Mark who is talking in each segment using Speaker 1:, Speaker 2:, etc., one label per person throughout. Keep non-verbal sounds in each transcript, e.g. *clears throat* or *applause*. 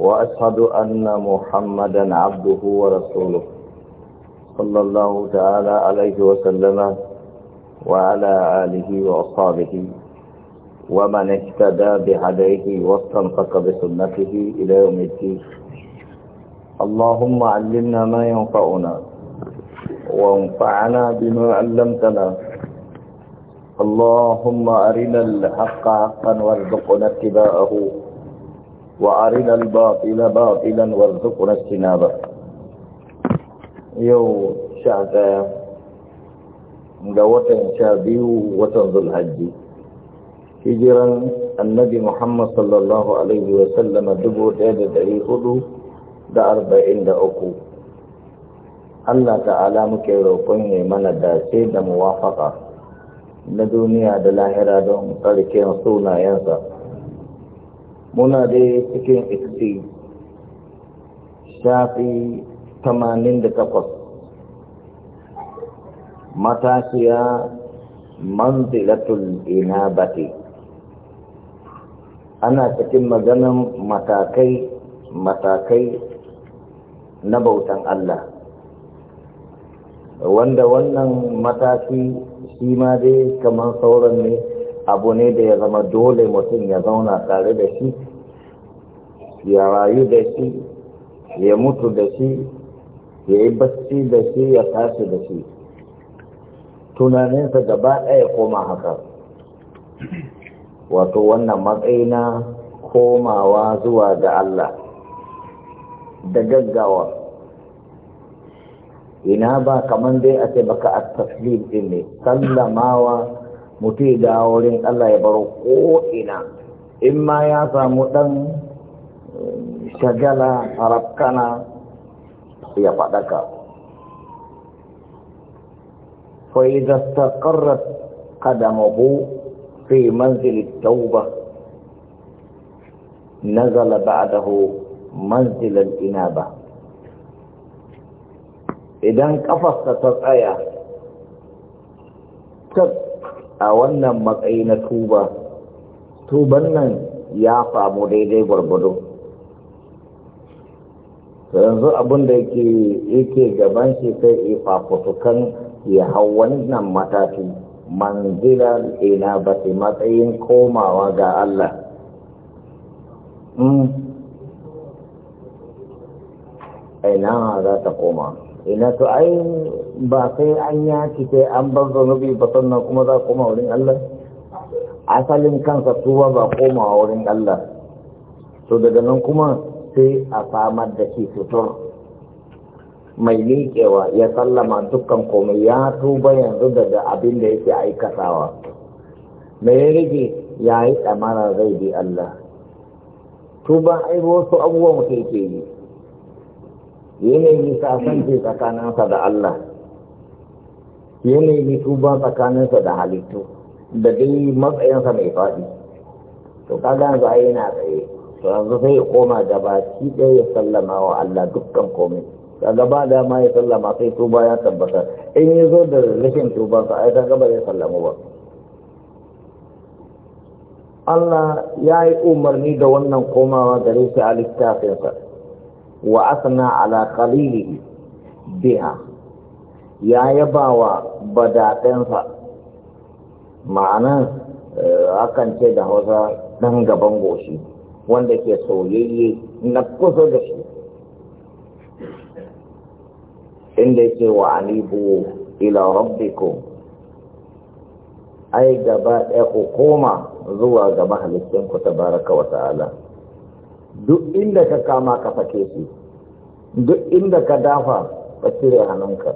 Speaker 1: وأشهد أن محمدا عبده ورسوله صلى الله
Speaker 2: تعالى عليه وسلم وعلى آله وأصحابه ومن اهتدى بهديه واستنطق بسنته إلى يوم الدين اللهم علمنا ما ينفعنا
Speaker 1: وانفعنا بما علمتنا اللهم أرنا الحق حقا وارزقنا اتباعه وأرنا الباطل باطلا وارزقنا اجتنابه يو شعبا دوتا شابيو وتنظ الحج هجرا النبي محمد صلى الله عليه وسلم دبو تيد
Speaker 2: تريخه دا أربعين دا أكو الله تعالى مكيروكين من داسي دا موافقة na duniya da lahira don ƙarƙin sunayensa muna da cikin ikti shafi tamanin da takwas matashiya manzilatul inabati ana cikin maganan matakai matakai na bautan Allah wanda wannan mataki shi ma dai kamar sauran ne abu ne da ya zama dole mutum ya zauna tare da shi ya rayu da shi ya mutu da shi ya yi bacci da shi ya tashi da shi tunaninsa gaba ɗaya koma haka wato wannan matsayi komawa zuwa ga Allah da gaggawa ina ba kamar dai a ce baka a taslim ɗin ne sallamawa mutum da wurin Allah ya baro ko'ina in ma ya samu ɗan eh, shagala harafkana ya faɗaka da taƙarar ƙadamahu fi manzilin tauba nazala ba'dahu manzilin ba. idan ƙafarsa ta tsaya ta a wannan matsayi na tuba tuban nan ya famu daidai gwargwado yanzu abinda da yake gaban shi kai ifafutukan ya hau wannan matafi manzilar ina ba matsayin komawa ga Allah hmm. ina za ta koma ina to ai ba sai an yaki sai an bar zanubi ba sannan kuma za koma wurin Allah asalin kansa tuba ba komawa wurin Allah to daga nan kuma sai a samar da ke fitur mai liƙewa ya sallama dukkan komai ya tuba yanzu daga abin da yake aikatawa mai ya rage ya yi tsamara zai bi Allah tuba ai wasu abubuwan mutum ke yi yanayi kasance tsakaninsa da Allah yanayi tuba tsakaninsa da halittu da dai matsayinsa mai faɗi to kaga yanzu ai yana tsaye to yanzu sai ya koma gaba shi ɗaya ya sallama wa Allah dukkan komai kaga ba da ma ya sallama sai tuba ya tabbatar in ya zo da rashin a ai kaga ba ya sallamu ba Allah ya yi umarni da wannan komawa gare shi a littafinsa wa asana ala qalilihi biha ya yabawa wa badaɗinsa ma'ana akan ce da hausa ɗan gaban goshi wanda ke soyayye na kusa da shi inda yake wa anibu ila rabbiku ai gaba ɗaya ku koma zuwa ga ta tabaraka wa ta'ala duk inda ka kama ka fake su duk inda ka dafa ka cire hannunka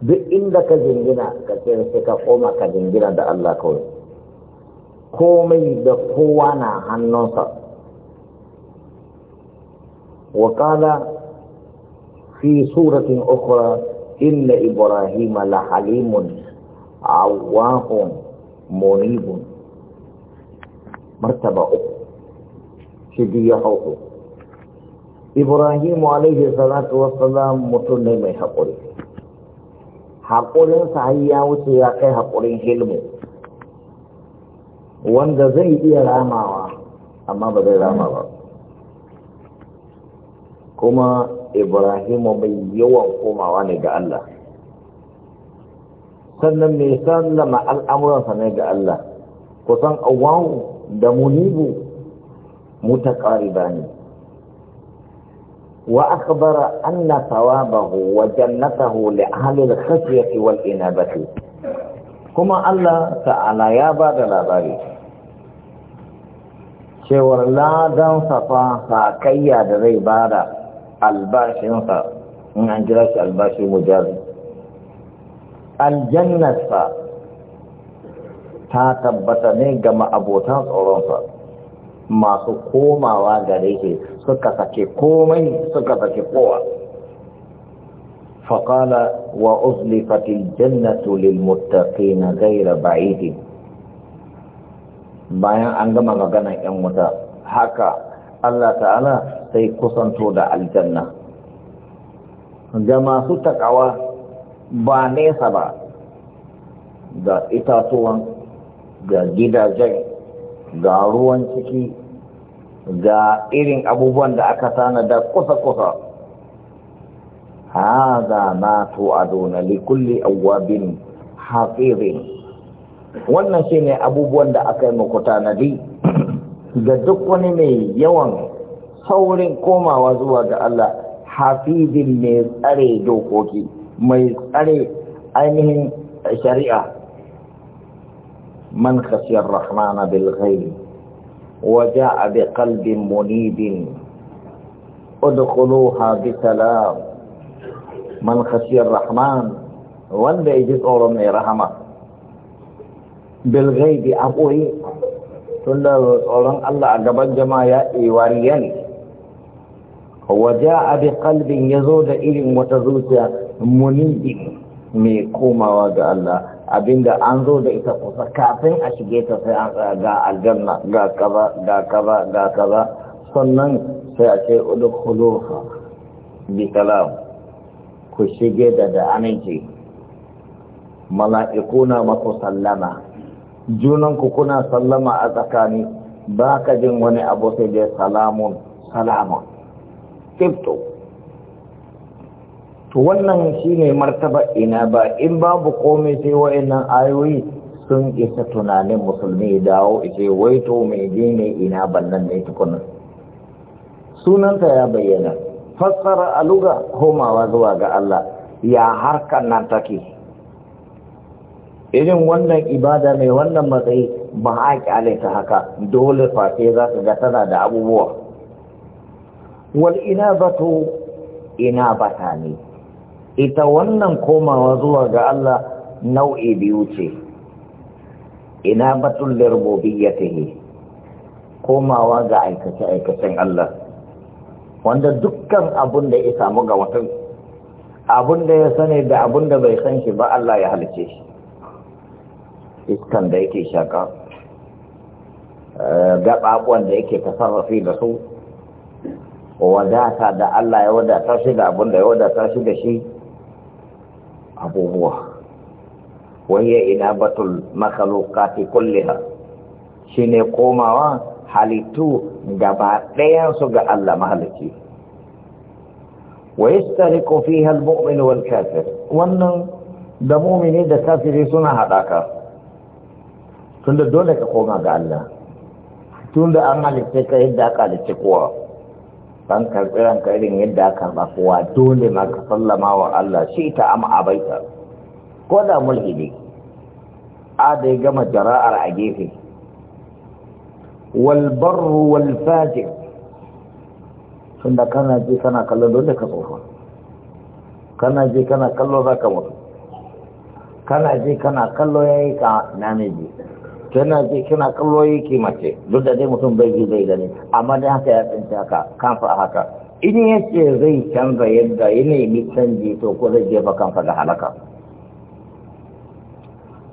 Speaker 2: duk inda ka jingina ka cire sai ka koma ka jingina da Allah kawai komai da kowa na hannunsa wakala fi suratin ukura inna Ibrahim la halimun awahun munibun martaba uku shi biyu hau ibrahim alaihi salatu wassalam mutum ne mai haƙuri haƙurinsa har ya wuce ya kai haƙurin hilmu wanda zai iya ramawa amma ba zai rama ba kuma ibrahim mai yawan komawa ne ga Allah sannan mai sallama al'amuransa ne ga Allah kusan awawu da munibu mutakari ba ne وأخبر أن ثوابه وجنته لأهل الخشية والإنابة كما الله تعالى يا بعد الأباري شور لا دان صفا فاكيا دري بارا الباش نصا من أنجلاش الباش مجاز الجنة فا تاتبتني جمع أبوتان أورانصا masu komawa gare shi suka sake komai suka sake kowa فقال وأزلفت na للمتقين غير بعيد bayan an gama maganar ‘yan wuta haka Allah ta'ala sai kusanto da aljanna ga masu takawa ba nesa ba ga itatuwan ga gidajen ga ruwan ciki ga irin abubuwan da aka tanada kusa-kusa haza na a li likulli awabin hafirin wannan shine abubuwan da aka yi muku tanadi ga duk wani mai yawan saurin komawa zuwa ga Allah hafizin mai tsare dokoki mai tsare ainihin shari'a من خشي الرحمن بالغيب وجاء بقلب منيب ادخلوها بسلام من خشي الرحمن وان بيجيت اورمي رحمه بالغيب ابوي تلا اورن الله اغبا جما يا ايواريان وجاء بقلب يزود الى متزوجا منيب ميكوما وجاء الله abinda an zo da ita kusa kafin a shige ta sai an tsaya ga aljanna ga kaza ga kaza ga kaza sannan sai a ce udkhuluha bi salam ku shige da da aminci mala'iku na maku sallama junan ku kuna sallama a tsakani ba ka jin wani abu sai dai salamun salamun tifto to wannan shine martaba ina ba in babu komai sai wayannan ayoyi sun isa tunanin musulmi dawo ce wai to mai ne ina bannan ne tukunan sunanta ya bayyana fassara aluga komawa zuwa ga Allah ya harkar nan take irin wannan ibada mai wannan matsayi ba a kyale ta haka dole fashe za su ga tana da abubuwa wal ina bato ina bata ne ita wannan komawa zuwa ga Allah nau'i biyu ce ina batun lirbobiyyatihi komawa ga aikace-aikacen Allah wanda dukkan abun da ya samu ga watan, abun da ya sani da abun da bai san shi ba Allah ya halice shi iskan da yake shaka eh, gaɓaɓuwan da yake tasarrafi da su wadata da Allah ya wadata shi da abun da ya wadata shi da shi abubuwa wahiyar batul makalokati kulliha shi ne komawa halittu gaba ɗayansu ga Allah mahalicci wa yi tsari kofi halmumin wal wannan da da kafiri suna haɗaka tunda dole ka koma ga Allah tunda an halitta ka yadda aka halittu kowa ban karɓi ka irin yadda aka karɓa kowa dole ma ka sallama wa Allah shi ta a baita ko da mulki ne a da ya gama jara'ar a gefe wal barru wal fajir da kana je kana kallon dole ka tsofa kana je kana kallo za ka mutu kana je kana kallo ya yi ka namiji tana ji kina kallo yake mace duk da dai mutum bai ji zai gani amma dai haka ya tsinci haka kanfa haka in ya ce zai canza yadda ya nemi canji to ko zai jefa kanfa da halaka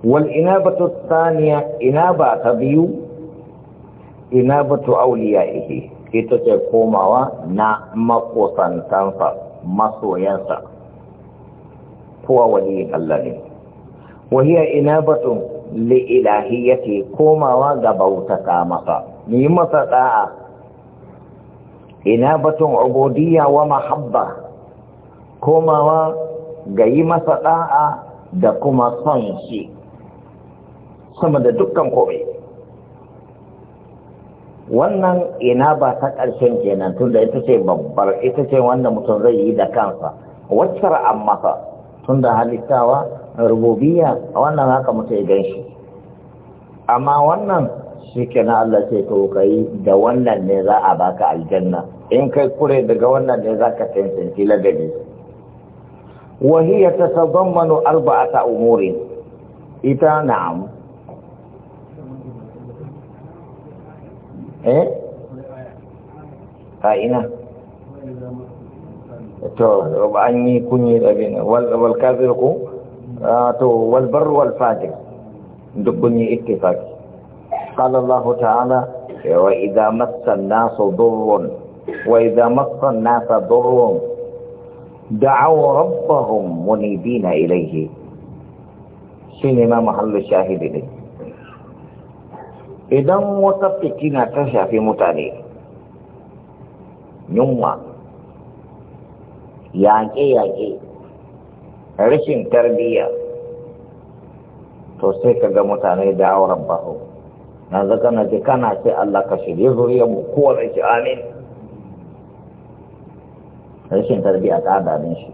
Speaker 2: wal inabatu thaniya inaba ta biyu inabatu awliyaihi ita ce komawa na makosantansa masoyansa kowa waliyin Allah ne ina إنابة li'ilahiyyati komawa ga bautata masa ni masa da'a ina batun ubudiyya wa mahabba komawa ga yi masa da'a da kuma son shi sama da dukkan komai wannan ina ba ta ƙarshen kenan da ita ce babbar ita ce wanda mutum zai yi da kansa waccar an masa tunda halittawa rububiyya wannan haka mutu ya ganshi amma wannan shi na Allah ce to kai da wannan ne za a baka aljanna in kai kure daga wannan ne za ka cancanci ladabi وهي تتضمن arba'ata umuri ita na'am eh a ina to an yi kunyi bin wal kafir ku? to wal barr wal fajir duk kun yi ittifaki qala Allah ta'ala wa idza massa an-nasu durrun wa idza massa an-nasa durrun da'aw rabbahum munibina ilayhi shine ma mahallu shahidi ne idan wata fitina ta shafi mutane yunwa yaƙe-yaƙe rashin tarbiyya to sai ka ga mutane da auren baho na zaka na ce kana ce Allah ka shirye zuriyar mu kowane ce amin rashin tarbiyya ta adalin shi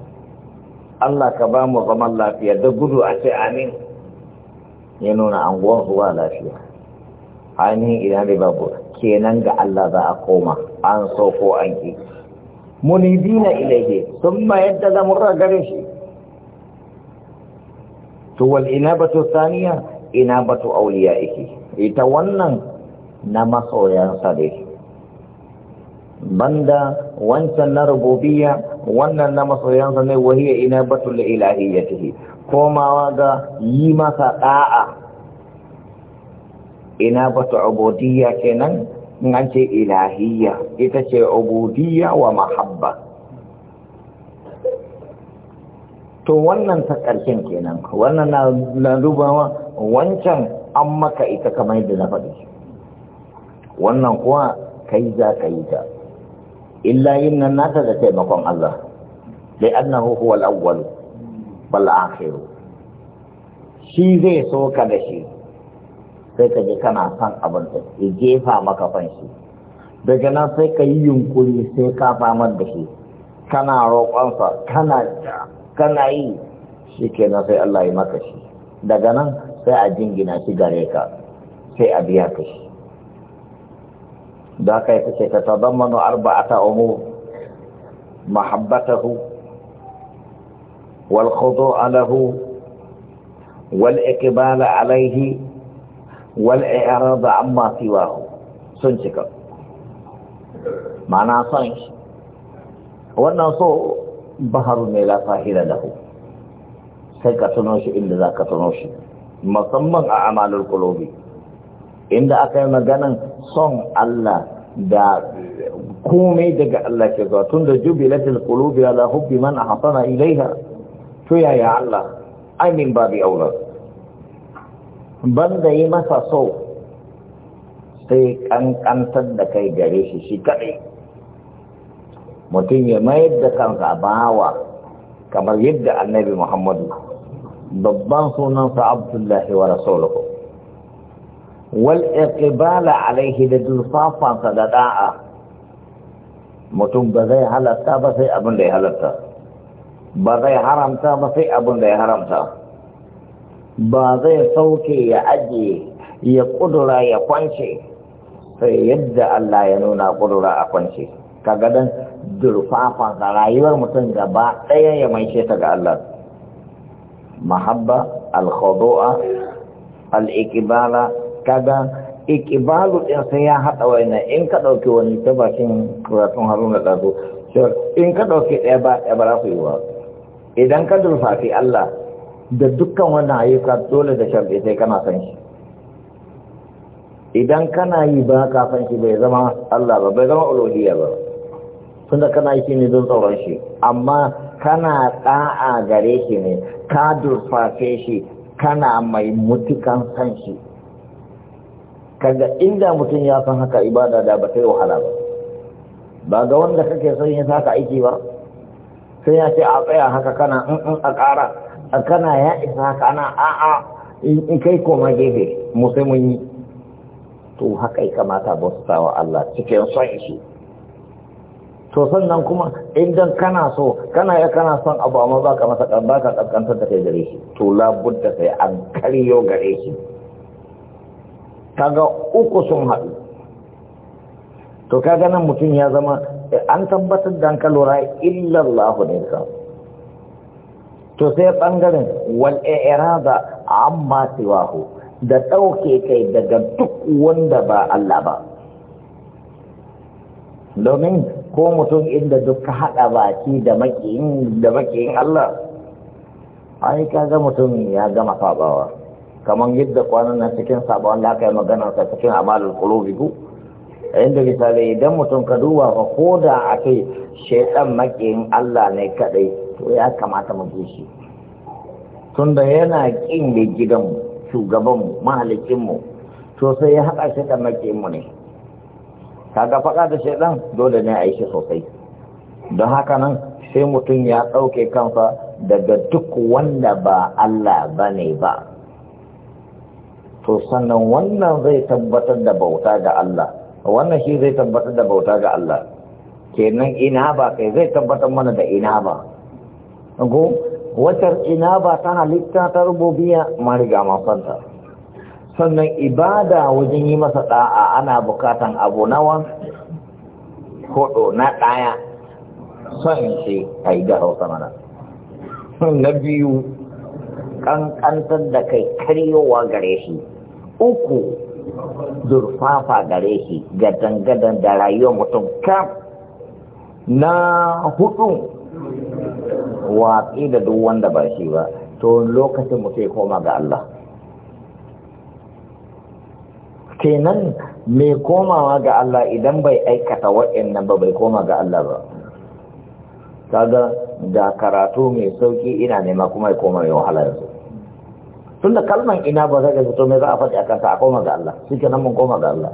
Speaker 2: Allah ka ba mu zaman lafiya da gudu a ce amin ya nuna gwan zuwa lafiya ainihin idan da babu kenan ga Allah za a koma an so ko an ki munibina ilaihi sun ma yadda zamurar garin shi to wal inabatu thaniya inabatu awliyaihi ita wannan na masoyansa ne banda wancan na rububiyya wannan na masoyansa ne wahiya inabatu li ilahiyyatihi komawa ga yi masa da'a inabatu ubudiyya kenan in an ce ilahiyya ita ce ubudiyya wa mahabba to wannan ta ƙarshen kenan wannan na dubawa wancan an maka ita kamar yadda na faɗi wannan kuwa kai za ka yi ta illa yin nan nata da taimakon Allah dai annahu huwa al-awwal bal akhir shi zai so ka da shi sai ka ji kana son abin da ya jefa maka fanshi daga nan sai ka yi yunkuri sai ka famar da shi kana roƙonsa kana ja kana yi shi kenan sai Allah yi maka shi daga nan sai a jingina shi gare ka sai a biya ka shi da haka ya kace ka tazammanu arba'ata umur mahabbatahu wal khudu'a lahu wal iqbala alayhi wal i'rad amma siwahu sun cika ma'ana son shi wannan so baharu ne la fahira ku? sai ka tuno shi inda za ka tuno shi musamman a amalar kulobi inda aka yi maganan son Allah da komai daga Allah ke zuwa tun da jubilatul qulubi ala hubbi man ahsana ilaiha to yaya Allah I mean babi aula banda yi masa so sai kankantar da kai gare shi shi kadai mutum ya mayar da kansa bawa kamar yadda annabi muhammadu babban sunansa abdullahi wa rasuluhu wal iqbala alaihi da durfafansa da da'a mutum ba zai halatta ba sai abin da ya halatta ba zai haramta ba sai abin da ya haramta ba zai sauke ya ajiye ya kudura ya kwance sai yadda Allah ya nuna kudura a kwance durfafa ga rayuwar mutum gaba ɗaya ya mai ta ga Allah mahabba al-khudu'a al-iqbala kada ikibalu ɗin sai ya haɗa wani in ka ɗauki wani ta bakin karatun haruna ɗazu in ka ɗauki ɗaya ba ɗaya ba za ku yi ba idan ka durfafi Allah da dukkan wannan ayyuka dole da sharɗi sai kana san shi idan kana yi ba ka san shi bai zama Allah ba bai zama uluhiyya ba tunda kana yi ne don tsoron shi amma kana ɗa'a gare shi ne ka durfafe shi kana mai mutukan san shi kaga inda mutum ya san haka ibada da ba ta yi wahala ba ba ga wanda kake son yin haka aiki ba sai ya ce a tsaya haka kana in a ƙara kana ya isa haka ana a'a in kai koma gefe mu sai mun yi to haka ya kamata bautawa Allah
Speaker 3: cikin son shi
Speaker 2: to sannan kuma idan kana so kana ya kana son abu amma ba ka masa ba ka kaskantar da kai gare shi to labudda sai an karyo gare shi kaga uku sun haɗu to kaga nan mutum ya zama an tabbatar da ka lura illallahu ne ka to sai bangaren wal irada amma siwahu da ɗauke kai daga duk wanda ba Allah ba domin ko mutum inda duk ka haɗa baki da makiyin da makiyin Allah ai kaga mutum ya gama sabawa kamar yadda kwanan nan cikin sabawa da aka yi magana sa cikin amalul qulubi ku inda misali idan mutum ka duba fa ko da a ce shaitan makiyin Allah ne kadai to ya kamata mu bi shi tunda yana kin da mu shugabanmu mu to sai ya haɗa shi da makiyin mu ne kaga faɗa da shaidan dole ne a yi shi sosai don haka nan sai mutum ya ɗauke kansa daga duk wanda ba Allah ba ne ba to sannan wannan zai tabbatar da bauta ga Allah wannan shi zai tabbatar da bauta ga Allah kenan ina ba kai zai tabbatar mana da ina ba go watar ina ba ta halitta ta rububiya ma riga ma sannan ibada wajen yi masa ɗa'a ana bukatan abu nawa hudu na daya son shi a yi garauta mana na biyu ƙanƙantar da kai karyowa gare shi uku zurfafa gare shi gadan-gadan da rayuwar mutum kam na hudu watsi da duk wanda ba shi ba to lokacin mutum ya koma ga Allah kenan mai komawa ga Allah idan bai aikata waɗannan ba bai koma ga Allah ba kaga da karatu mai sauki ina nema kuma ya koma mai wahala yanzu tun da kalman ina ba zai fito mai za a faɗi a kanta a koma ga Allah suke nan mun koma ga Allah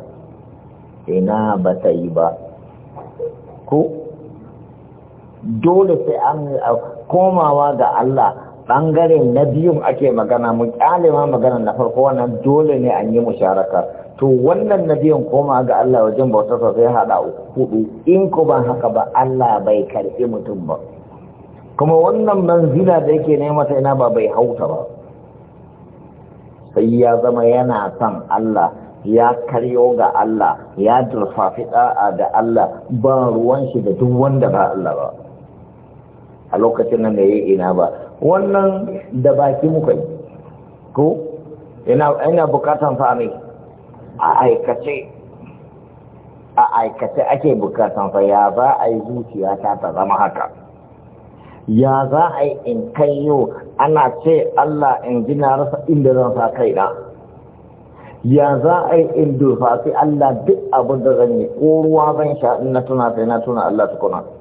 Speaker 2: ina ba ta yi ba ko dole sai an komawa ga Allah ɓangare na biyun ake magana mu ma magana na farko wannan dole ne an yi musharaka to wannan nabiyan koma ga Allah wajen bautar sa ya hada hudu in ko ba haka ba Allah bai karbi mutum ba kuma wannan manzila da yake nema ta ina ba bai hauta ba sai ya zama yana san Allah ya karyo ga Allah ya durfafi da'a da Allah ba ruwan shi da duk wanda ba Allah ba a lokacin nan da ya ina ba wannan da baki muka yi ko ina bukatan fa ne a aikace a aikace ake bukatan fa ya za a yi zuciya ta ta zama haka ya za a yi in kai yau ana ce Allah in gina na rasa inda zan sa kai na ya za a yi in durfafi Allah duk abin da zan yi ko ruwa zan sha in na tuna sai na tuna Allah tukuna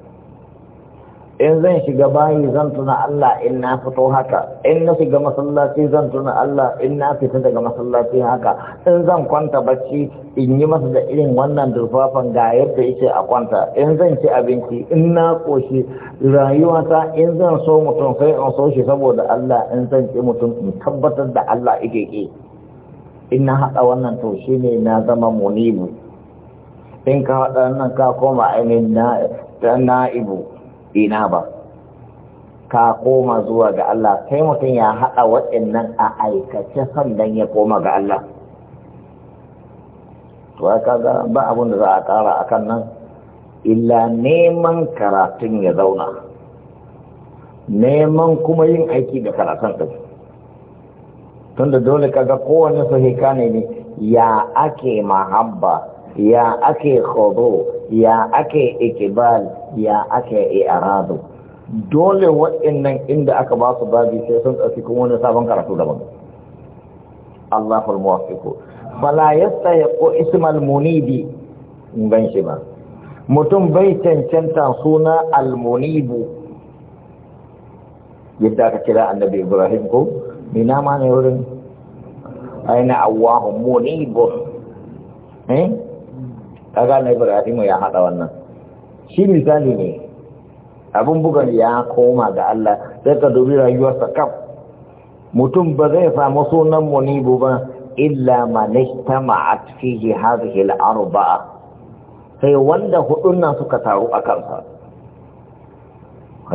Speaker 2: in zan shiga bayi zan tuna Allah in na fito haka in na shiga masallaci zan tuna Allah in na fita daga masallaci haka in zan kwanta bacci in yi masa da irin wannan durfafan ga yadda yake a kwanta in zan ci abinci in na koshi rayuwata in zan so mutum sai in so shi saboda Allah in zan ci mutum in tabbatar da Allah ike ke in na haɗa wannan to ne na zama munibu in ka haɗa nan ka koma ainihin na'ibu ina ba ka koma zuwa ga Allah sai mutum ya haɗa waɗannan a aikace sandan ya koma ga Allah to kaga ba abin da za a ƙara akan nan illa neman karatun ya zauna neman kuma yin aiki da karatun ɗin tunda dole ga kowane sahika ne ne ya ake mahabba ya ake khodo ya ake ikibal ya aka yi arazo? dole waɗannan inda aka ba su babi sai sun ɗauki kuma wani sabon karatu daban Allahu al-muwaffiqu fala tsaye ko al munibi ban shi ba mutum bai cancanta suna al-munibu yadda aka kira annabi Ibrahim ko ina ma ne wurin aina awwahu munibu eh kaga annabi Ibrahim ya hada wannan shi misali ne abin bugan ya koma ga Allah sai ka dubi rayuwarsa kaf mutum ba zai samu sunan munibu ba illa ma najtama'at fihi hadhihi al-arba'a sai wanda hudun nan suka taru a kansa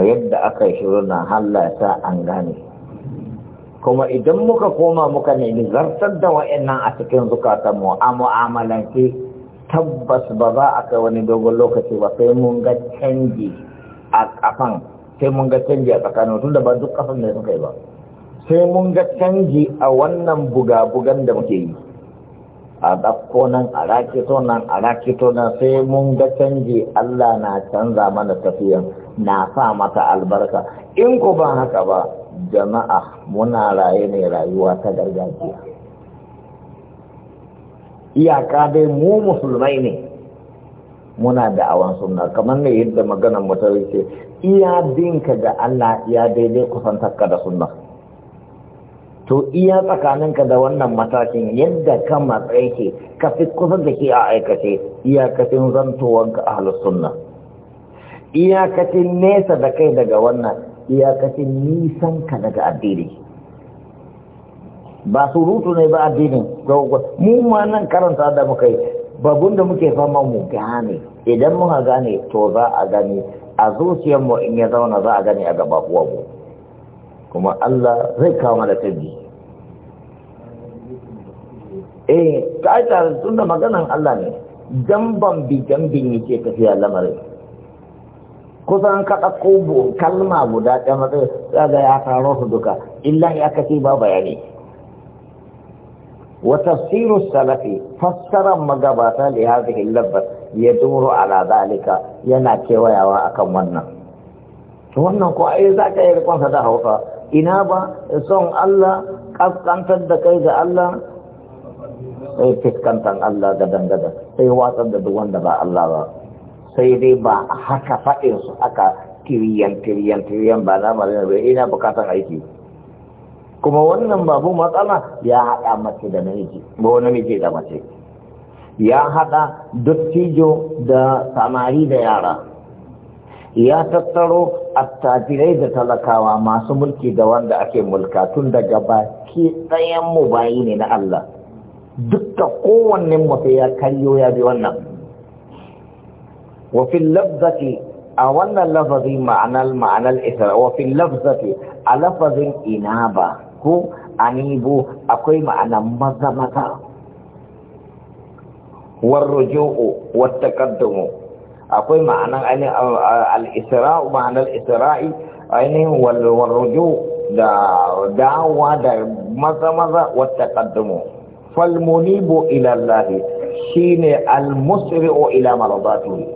Speaker 2: yadda aka yi shiru na hallata an gane kuma idan muka koma muka nemi zartar da wa'annan a cikin zukatanmu a mu'amalanci tabbas ba za a kai wani dogon lokaci ba sai mun ga canji a kafan sai mun ga canji a tsakanin tun da ba duk kafan da suka yi ba sai mun ga canji a wannan buga-bugan da muke yi a ɗauko nan a rakito nan a rakito nan sai mun ga canji Allah na canza mana tafiya, na sa mata albarka in ku ba haka ba jama'a muna raye ne rayuwa ta gargajiya iyaka dai mu musulmai ne muna da awan sunna kamar ne yadda maganar mu ta wuce iya dinka ga Allah ya daidai kusantarka da sunna to iya tsakaninka da wannan matakin yadda ka matsayi ke ka fi kusa da ke a aikace iyakacin zantowanka halittu sunna iyakacin nesa da kai daga wannan iyakacin nisan ka daga addini ba surutu ne ba addinin mu ma nan karanta da muka yi babun da muke fama mu gane idan muka gane to za a gani a zuciyar mu in ya zauna za a gani a gaba kuwa mu kuma Allah zai kawo mana tabi eh ta aita tun da maganan Allah ne jamban bi jambin yake tafiya lamarin kusan ka ɗauko kalma guda ɗaya matsayi ga ya taro su duka illa ya kace ba bayani وتفسير السلف فسر مغباتا لهذه اللبة يدور على ذلك ينا yana kewayawa akan wannan ko ai za ka yi da hausa ina ba son Allah kaskantar da kai ga Allah sai fiskantar Allah gadan gadan sai watsar da duk wanda ba Allah ba sai dai ba haka su aka tiriyan tiriyan tiriyan ba na ina bukatar aiki kuma wannan babu matsala ya haɗa mace da namiji ba wani miji da mace ya haɗa dottijo da samari da yara ya tattaro attajirai da talakawa masu mulki da wanda ake mulka tun daga baki ɗayan mu bayi ne na Allah dukka kowanne mutum ya karyo ya bi wannan wafin labzati a wannan lafazi ma'anar ma'anar isra wafin labzati a lafazin inaba ko anibu akwai ma'ana maza maza wata kaddamo. akwai ma'anan ainihin al-isra'u ma'anar isra'i ainihin warruju'u da dawa da maza maza wattaqaddumu falmunibu ila Allah shine almusri'u ila maradatihi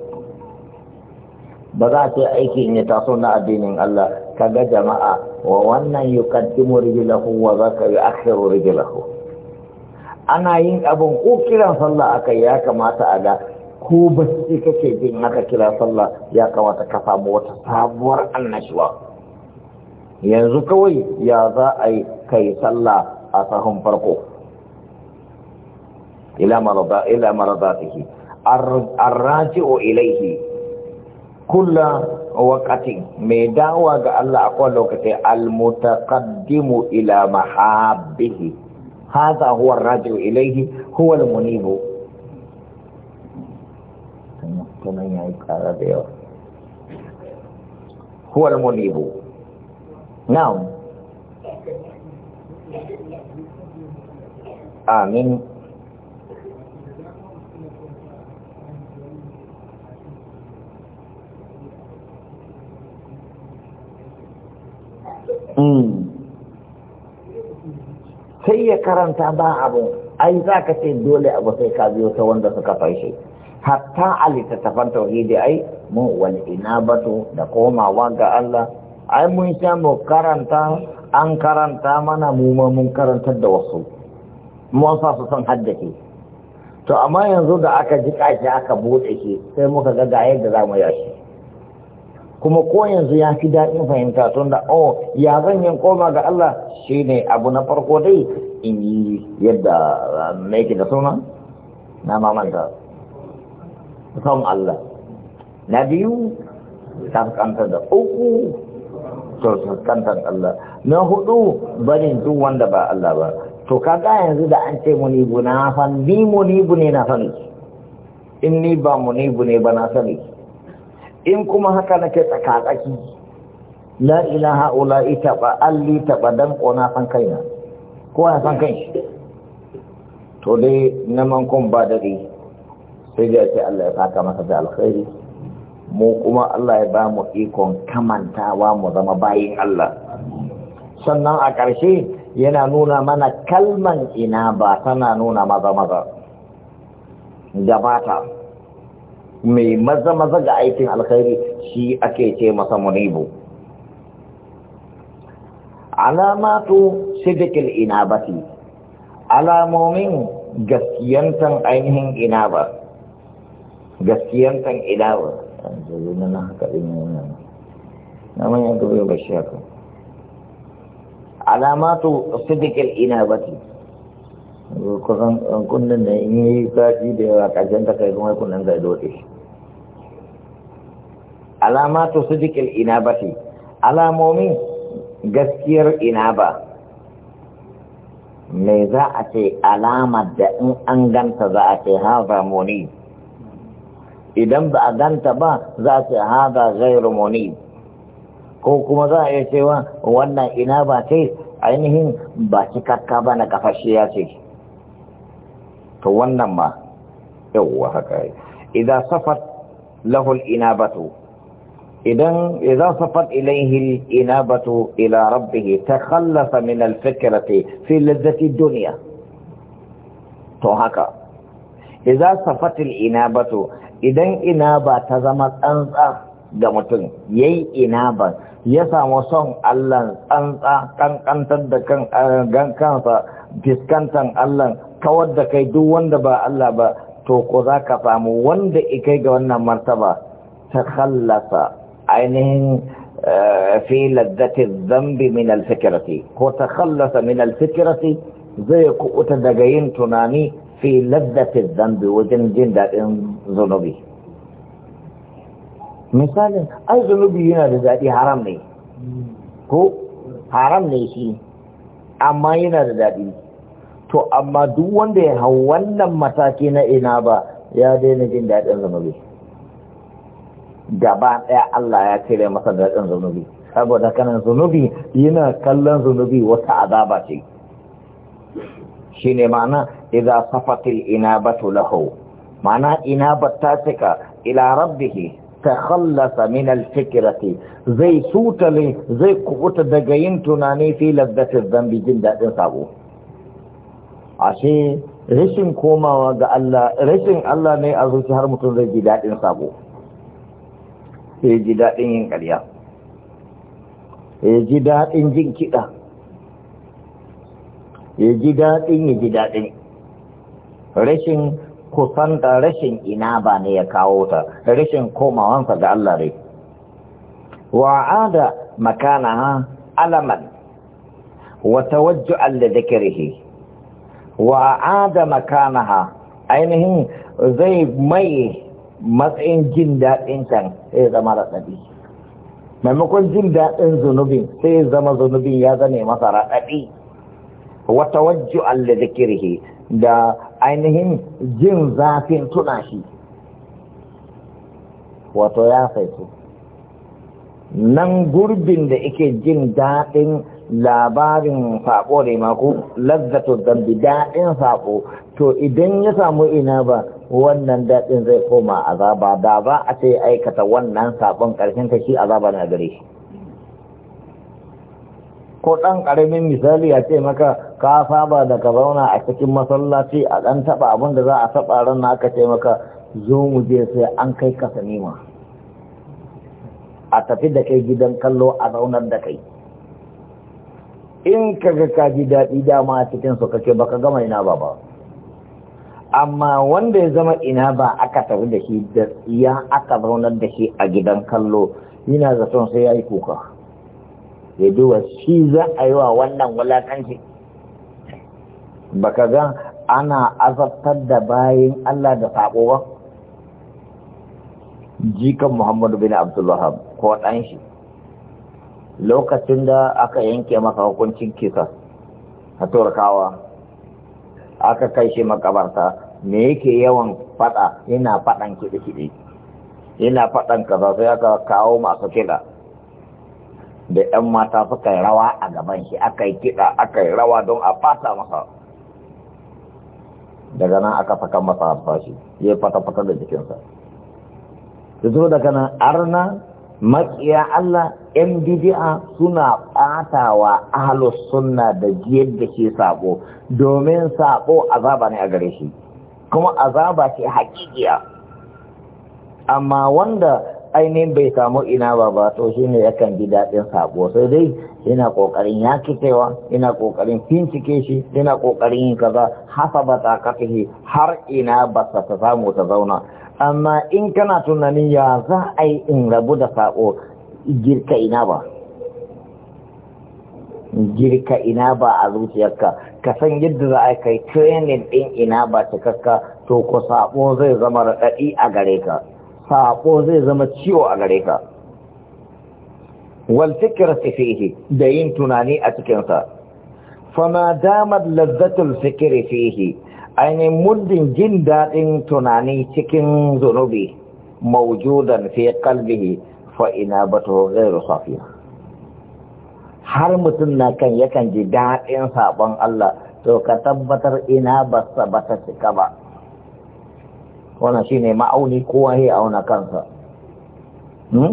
Speaker 2: ba za ta aiki ne taso na addinin Allah kaga jama'a wa wannan yuqaddimu rijlahu wa zaka yu'akhiru rijlahu ana yin abin ko kiran sallah akai ya kamata a ga ko bacci kake jin haka kira sallah ya kamata ka samu wata sabuwar annashuwa yanzu kawai ya za a yi kai sallah a sahun farko ila marada ila maradatihi ar ilaihi. ilayhi waqatin mai dawa ga Allah akwai lokaci al-mutaqaddimu ila mahabbihi huwa rajiu ilayhi huwa al-munibu yayi kara da yawa huwa al-munibu amin Hmm. sai ya karanta ba abu ai za ka ce dole abu sai ka biyo ta wanda suka fashe hatta a littattafan tauhidi ai mu ina batu da komawa ga Allah ai mun sha mu karanta an karanta mana mu ma mun karantar da wasu mu sa su san haddace to amma yanzu da aka ji kashi aka bude shi sai muka ga ga yadda za mu yashi kuma ko yanzu ya fi daɗin fahimta tun da oh ya zan yin koma ga Allah shi ne abu na farko dai in yi yadda uh, maiki da suna na mamanta son Allah na biyu kaskantar da uku kaskantar Allah na hudu barin duk wanda ba Allah ba to kaga yanzu da an ce munibu na san ni munibu ne na sani in ni ba munibu ne ba na sani in kuma haka nake tsakatsaki la ilaha ula ita ba alli taba dan kona san kaina ko ya san kai to dai naman kun ba dare sai ya ce Allah ya saka masa da alkhairi mu kuma Allah ya ba mu ikon kamantawa mu zama bayin Allah sannan a ƙarshe yana nuna mana kalman ina ba tana nuna maza maza gabata mai maza maza ga aikin alkhairi shi ake ce masa munibu alamatu sidikil inabati alamomin gaskiyantan ainihin inaba gaskiyantan inaba na na haka ɗin yana na manyan gaba ba shi haka alamatu sidikil inabati kusan kundin da in yi kaji da yawa ƙarshen ta kai kuma kundin zai shi alamatu ba inabati alamomin gaskiyar inaba me za a ce alamar da in an ganta za a ce haza muni idan ba a ganta ba za a ce haza muni ko kuma za a iya cewa wannan inaba ce ainihin ba cikakka ba na kafashiya ce to wannan ma yauwa haka idan safar lahul inabatu idan idan safat ina batu ila rabbih takhallasa min al-fikrati fi ladati dunya to haka idan ina batu, idan ina ba ta zama tsantsa ga mutum yayi ba, ya samu son Allah tsantsa kankantar da kan gankansa fiskantan Allah kawar da kai duk wanda ba Allah ba to ko za ka samu wanda ikai ga wannan martaba ta khallasa ainihin eh, fi ladzatin zambi min alfikirati ko ta khallasa min alfikirati zai kuɓuta daga yin tunani fi ladzatin zambi wajen jin daɗin zunubi misalin ai zunubi yana da daɗi haram ne ko haram ne shi amma yana da daɗi to amma duk wanda ya hau wannan mataki na ina ba ya daina jin daɗin zunubi gaba ɗaya Allah ya cire masa da zunubi saboda kanan zunubi yana kallon zunubi wata azaba ce shi ne ma'ana idan ina batu laho ma'ana ina batta cika ila rabbihi ta khallasa min alfikirati zai suta zai kubuta daga yin tunani fi lazzatin zambi jin daɗin sabo ashe rashin komawa ga Allah rashin Allah ne a zuci har mutum zai ji daɗin sabo ya ji daɗin yin ƙarya ya ji daɗin jin kiɗa ya ji daɗin ya ji daɗin rashin kusanta rashin ina ba ne ya kawo ta rashin komawansa ga Allah rai wa'ada makanaha alaman wata wajju da zikirihi wa'ada makanaha ainihin zai mai matsayin jin daɗin kan sai zama raɗaɗi maimakon jin daɗin zunubin sai zama zunubin ya zane masa raɗaɗi wata wajju da da ainihin jin zafin tuna shi wato ya saitu nan gurbin da ike jin daɗin labarin saƙo ne mako lazzatu zambi daɗin saƙo to idan ya samu ina ba wannan daɗin zai koma azaba da ba a ce aikata wannan sabon ƙarshen ta shi azaba na gare shi ko ɗan ƙaramin misali a ce maka ka saba da ka zauna a cikin masallaci a ɗan taɓa abin da za a taɓa ran na aka ce maka zo mu je sai an kai ka sanima a tafi da kai gidan kallo a zaunar da kai in ga ka ji daɗi dama a cikin su kake baka gama ina ba ba amma wanda ya zama ina ba aka tafi da shi da ya aka zaunar da shi a gidan kallo yana zaton sai ya yi kuka ya duba shi za a yi wa wannan wulakanci baka ga ana azabtar da bayan Allah da saƙo ba jikan Muhammadu bin Abdullah ko ɗan shi lokacin da aka yanke maka hukuncin kisa a turkawa aka kai shi makabarta me yake yawan fada yana fadan kiɗe-kiɗe yana fadan kaza sai aka kawo masu kiɗa da ɗan mata suka yi rawa a gaban shi aka yi kiɗa aka yi rawa don a fata masa daga nan aka saka masa alfashi ya fata-fata da jikinsa su daga nan arna makiya Allah ‘yan bidi'a suna wa ahalus sunna da jiyar da ke sabo domin sabo azaba ne a gare shi kuma azaba ce
Speaker 4: hakikiya
Speaker 2: amma wanda ainihin bai samu ina ba ba to shi ne yakan ji daɗin sabo sai dai yana ƙoƙarin ya kitewa yana ƙoƙarin fincike shi yana ƙoƙarin yin kaza hasa ba ta kafihi har ina ba ta samu ta zauna amma in kana tunanin ya za a yi in rabu da sabo girka ina ba girka ina ba a zuciyarka ka san yadda za a kai training ɗin ina ba cikakka to ko sabo zai zama raɗaɗi a gare ka sabo zai zama ciwo a gare ka wal fikr fihi da yin tunani a cikin sa fama damat lazzatul fikri fihi ainihin muddin jin daɗin tunani cikin zunubi mawjudan fi qalbihi fa ina batu ghairu safiya har mutum na kan yakan ji daɗin sabon Allah to ka tabbatar ina ba ta cika ba wannan shi ne ma'auni kowa ya auna kansa hmm?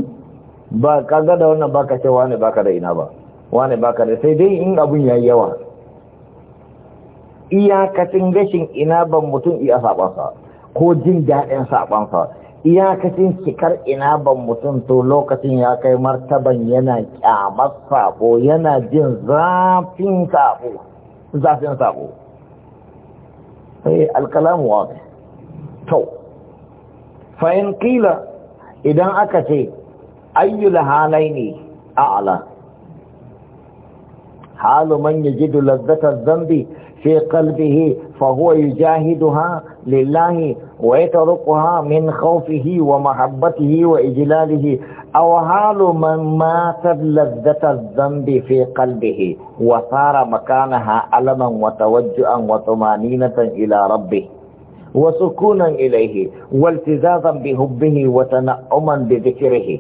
Speaker 2: ba ka ga da wannan baka ce wani baka da ina ba wani baka da sai dai in abun ya yawa iyakacin gashin ina ban mutum iya sabansa ko jin daɗin sabansa iyakacin ina ban mutum to lokacin ya kai martaban yana kyamar sabo yana jin zafin sabo zafin sabo sai eh, alkalamu wani to fa'in kila idan aka ce ayyul halai ne a'ala halu man jidu lazzatar zambi في قلبه فهو يجاهدها لله ويتركها من خوفه ومحبته وإجلاله أو حال من مات لذة الذنب في قلبه وصار مكانها ألما وتوجئا وطمانينة إلى ربه وسكونا إليه والتزازا بحبه وتنعما بذكره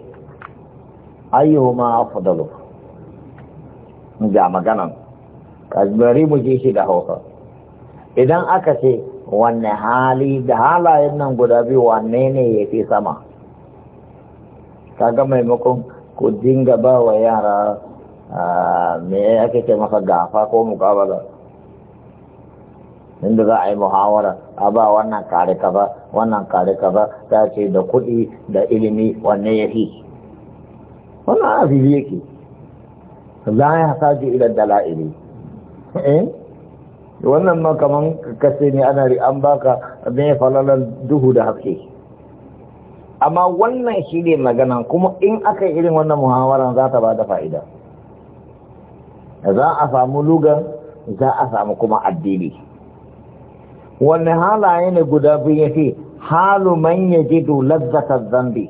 Speaker 2: أيهما أفضل جاء مكانا kasbari mu ji shi da hausa idan aka ce wanne hali da halayen nan guda biyu wanne ne ya fi sama ga maimakon ku dinga ba wa yara me ake ce masa gafa ko mukabala inda za a yi muhawara a ba wannan kare kaza wannan kare kaza ta ce da kuɗi da ilimi wanne ya fi wannan a yake a ya saji ila dala'ili Eh? wannan ma kaman kace ne ana ri an baka ne falalan duhu da haske amma wannan shi ne magana kuma in aka yi irin wannan muhawarar za ta ba da fa'ida za a samu lugan za a samu kuma addini wannan halaye ne guda biyu ya ce halu man ya ji lazzatar zambi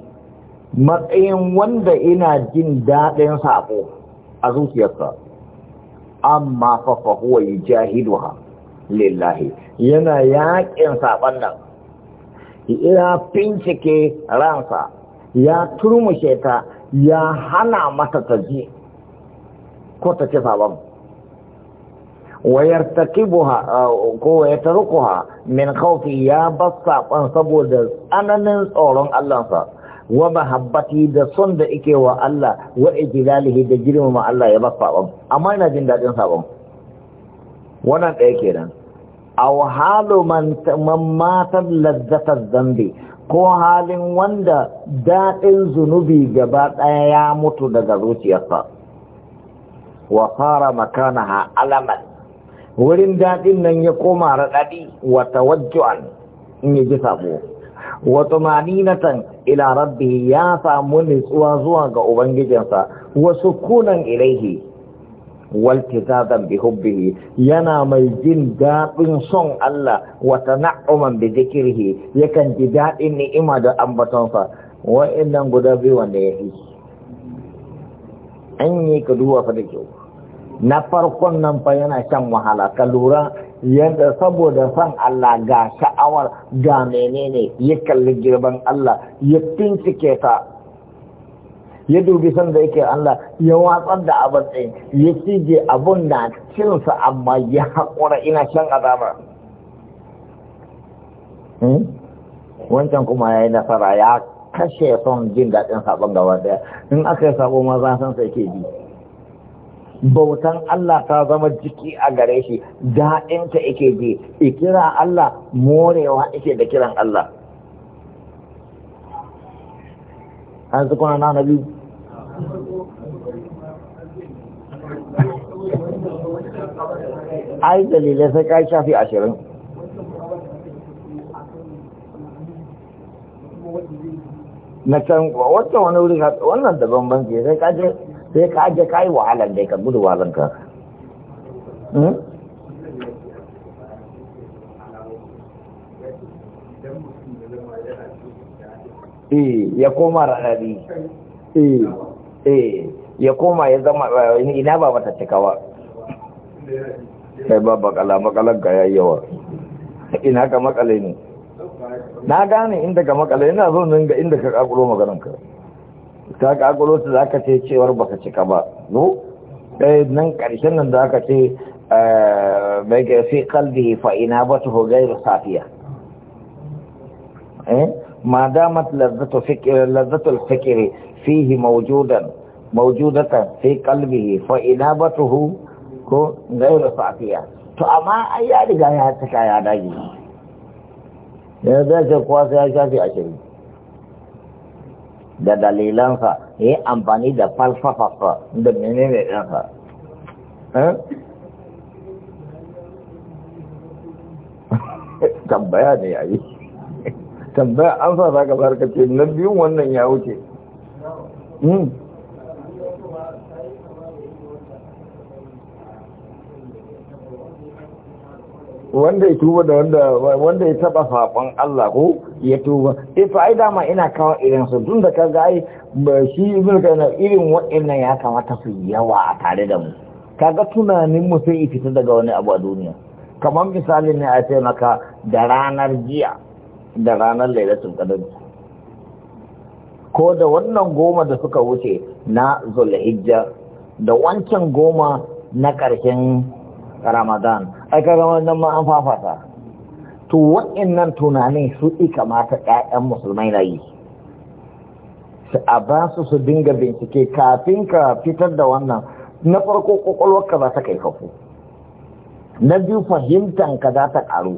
Speaker 2: matsayin wanda ina jin daɗin saƙo a zuciyarsa amma fa fa huwa yujahiduha lillahi yana yaƙin saban nan ya bincike ransa ya turmushe ta ya hana mata ta ji ko ta ce saban wayar takibuha ko ya tarukuha min khawfi ya bar saban saboda tsananin tsoron Allahnsa wa mahabbati da son da ike wa Allah wa ijlalihi da girmama Allah ya bar sabon amma ina jin dadin sabon wannan ɗaya kenan aw halu man man matat ko halin wanda dadin zunubi gaba daya ya mutu daga zuciyarsa wa fara makanaha alaman wurin dadin nan ya koma raɗaɗi wa tawajjuan in ya ji sabo wa tumaninatan ila rabbi ya samu nutsuwa zuwa ga ubangijinsa wasu kunan ilaihi waltizazan bi yana mai jin daɗin son Allah wata na'uman bi zikrihi yakan ji daɗin ni'ima da ambatonsa wa'annan guda biyu wanda ya yi an yi ka duwa fa da kyau na farkon nan fa yana shan wahala ka lura yadda saboda san Allah ga sha'awar ga menene ya kalli girban Allah ya bincike ta ya dubi san da yake Allah ya watsar da abin ɗin ya cije abun da cinsa amma ya haƙura ina shan azaba hmm? wancan kuma ya yi nasara ya kashe son jin daɗin sabon gaba ɗaya in aka yi sabo ma za san sai ke bi. bautan Allah ta zama jiki a gare shi Da'inta ike je ikira Allah morewa ike da kiran Allah an su kuna na biyu ai dalilai sai kai shafi ashirin na can wata wani wuri wannan da bambanci sai kaje sai ka je ka yi wahalar dai ka gudu wahalar ka hmm? eh, ya koma raɗaɗi eh, eh, ya koma ya zama ina ba mata cikawa sai ba bakala makalar ga yayyawa ina ka makale ne na gane inda ka makale ina zo ga inda ka kakuro maganin ka ta kakulo ta za ka ce cewar ba ka cika ba no ɗaya eh, nan ƙarshen nan za ka ce mai eh, gafi kalbi fa'ina ba su ho gairu safiya eh ma damat lazzatul fikiri fihi mawujudan mawujudata fi kalbi fa'ina ba su ho ko safiya to amma ai ya riga ya ta kaya dagi ya zai ce kuwa sai ya shafi ashirin da dalilansa ya yi amfani da falsafarsa da menene ɗansa eh? *laughs* tambaya ne ya yi tambaya
Speaker 1: an sa za ka barkace na biyun wannan ya wuce hmm?
Speaker 2: wanda ya tuba da wanda ya taba saban Allah ko ya tuba eh to ai dama ina kawo irin su tun da ga ai ba shi ibn kana irin wa'annan ya kamata su yawa a tare da mu kaga tunanin mu sai fita daga wani abu a duniya kamar misali ne a ce maka da ranar jiya da ranar lailatul qadr ko da wannan goma da suka wuce na zulhijja da wancan goma na ƙarshen ramadan ai kaga wannan ma an fafata to wa'annan tunanin su i kamata ƴaƴan musulmai na yi su a ba su su dinga bincike kafin ka fitar da wannan na farko ka za ta kai kafu na biyu ka za ta ƙaru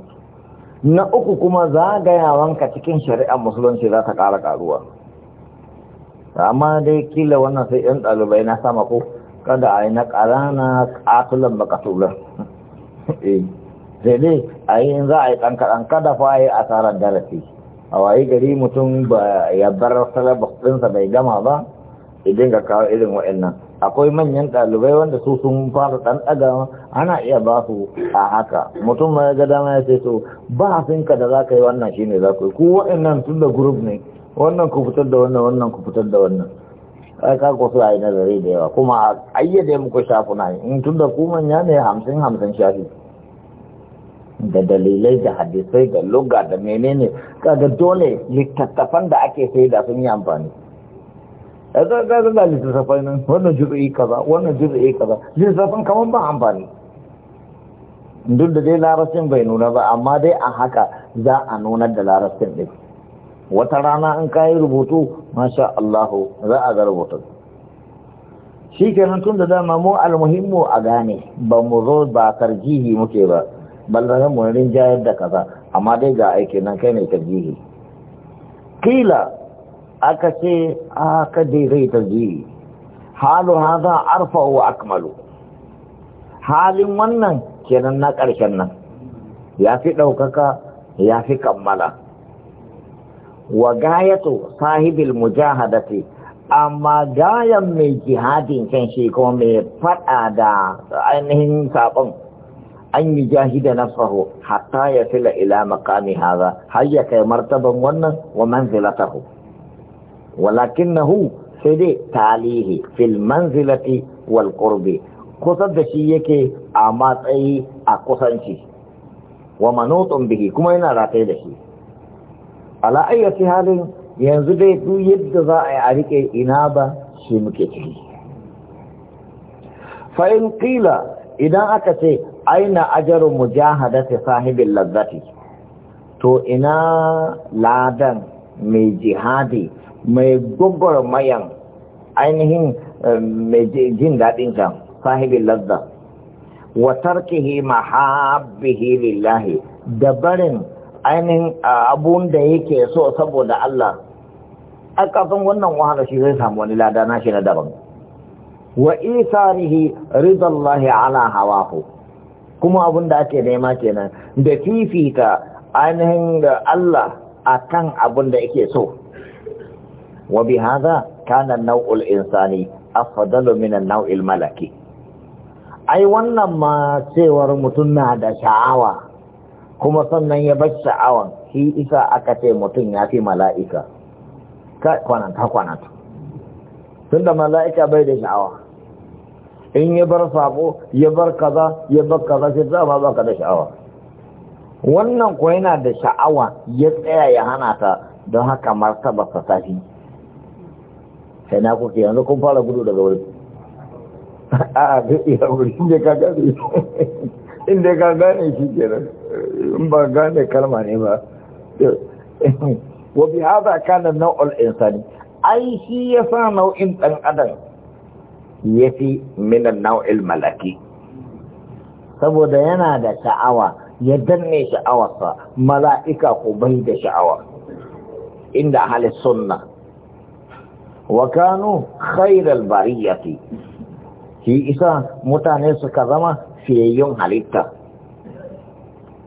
Speaker 2: na uku kuma zagayawanka cikin shari'ar musulunci za ta ƙara karuwa amma dai kila wannan sai 'yan ɗalibai na sama ko kada a yi na ƙarana ƙatulan makatulan Eh, sai dai a yi za a yi ɗankaɗan kada fa yi asarar darasi a wayi gari mutum ba ya bar ɗinsa bai gama ba idan ga kawo irin wa'annan akwai manyan ɗalibai wanda su sun fara ɗan ɗaga ana iya ba su a haka mutum ma ga dama ya ce to ba sinka da za ka yi wannan shine za ku yi ku wa'annan tun da guruf ne wannan ku fitar da wannan wannan ku fitar da wannan Ai ka ku sai nazari da yawa kuma ayyade muku shafuna in tunda ku manya ne hamsin hamsin shafi da dalilai da hadisai da lugha da menene kaga dole littattafan da ake sai da sun yi amfani yanzu ga ga littattafai nan wannan juzu'i kaza wannan juzu'i kaza littattafan kamar ba amfani duk da dai larabcin bai nuna ba amma dai a haka za a nunar da larabcin ɗin wata rana in kayi rubutu masha Allahu za a ga rubutu shi ke nan tun da dama mu almuhimmu a gane ba mu zo ba tarjihi muke ba ballar mu jayar da kaza amma dai ga aiki nan kai ne tarjihi kila aka ce aka dai zai tarjihi halu haza arfa wa akmalu halin wannan kenan na karshen nan ya fi ɗaukaka ya fi kammala wa gayatu sahibil mujahadati amma gayan mai jihadin kan shi kuma mai fada da ainihin sabon an yi jahida nafsahu hatta ya fila ila makami haza har ya kai martaban wannan wa manzilatahu walakinahu sai dai talihi fil manzilati wal qurbi kusa da shi yake a matsayi a kusanci wa manutun bihi kuma yana rataye da shi ala ayyati halin yanzu dai duk yadda za a yi a rike ina ba
Speaker 3: shi muke ciki
Speaker 2: fa in idan aka ce aina ajaru mujahadati sahibin lazzati to ina ladan mai jihadi mai mayan ainihin eh, mai jin daɗin can sahibin lazza wa tarkihi mahabbihi lillahi da barin ainihin abun da yake so saboda Allah a kafin wannan wahala shi zai samu wani lada na shi na daban wa rizallahi ana hawa hawahu kuma abun da ake nema kenan da fifita ainihin da Allah kan abun da yake so wa bi haza kana nau'ul insani afdalu min nau'il malaki ai wannan ma cewar mutum na da sha'awa kuma sannan ya bar sha'awan shi isa aka ce mutum ya fi mala'ika kwananta kwananta tun da mala'ika bai da sha'awa in ya bar sabo ya bar kaza ya bar kaza sai za ba baka da sha'awa wannan ko yana da sha'awa ya tsaya ya hana ta don haka martaba ta tafi sai na kuke yanzu kun fara gudu daga wuri *laughs*
Speaker 1: a'a duk iya wuri ne ka
Speaker 2: gari *laughs* inda ka gane shi kenan in ba gane kalma ne ba wa bi hada kana nau'ul insani ai shi sa nau'in dan adam yafi min nau'il malaki saboda yana da sha'awa ya danne sha'awarsa mala'ika ko bai da sha'awa inda ahli sunna wa kanu khairal bariyati shi isa mutane suka zama fiyayyun halitta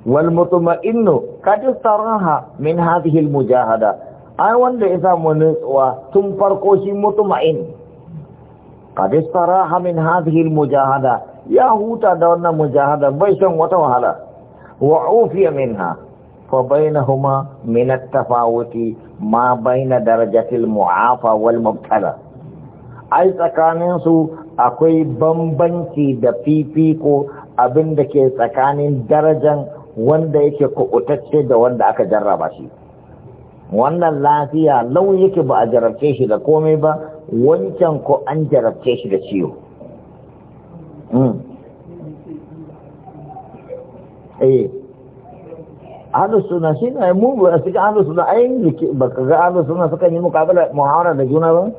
Speaker 2: wal mutma'innu kad saraha min hadhihi al mujahada ai wanda ya samu nutsuwa tun farko shi mutma'in kad saraha min hadhihi al mujahada ya huta da wannan mujahada bai shan wata wahala wa ufiya minha fa bainahuma min at tafawuti ma baina darajatil mu'afa wal mubtala ai tsakanin su akwai bambanci da fifiko abin da ke tsakanin darajan wanda yake kuɓutacce da wanda aka jarraba shi wannan lafiya lau yake ba a jarabce shi da komai ba wancan ko an jarabce shi da
Speaker 3: ciwo hmm.
Speaker 2: eh suna shi ne mu ba su ga ahlus suna ayin ba ka ga ahlus suna suka yi mukabala muhawara da juna ba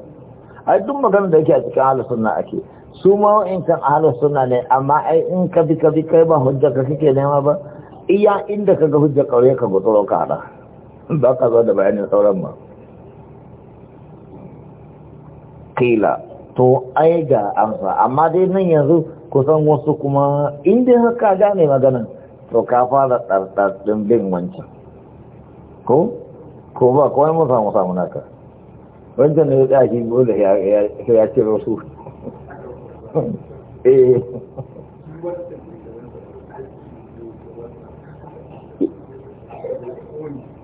Speaker 2: ai duk magana da yake a cikin ahlus sunna ake su ma kan ahlus sunna ne amma ai in ka bi ka bi kai ba hujja ka kake nema ba iya inda ka ga hujja kauye ka tsoro ka hada ba ka zo da bayanin sauran ma kila to ai ga amsa amma dai nan yanzu kusan wasu kuma inda haka gane maganan to ka fara tsartsar ɗin bin wancan ko ko ba kawai mu samu samu naka wancan ne ya shi dole ya ce rasu *laughs* eh,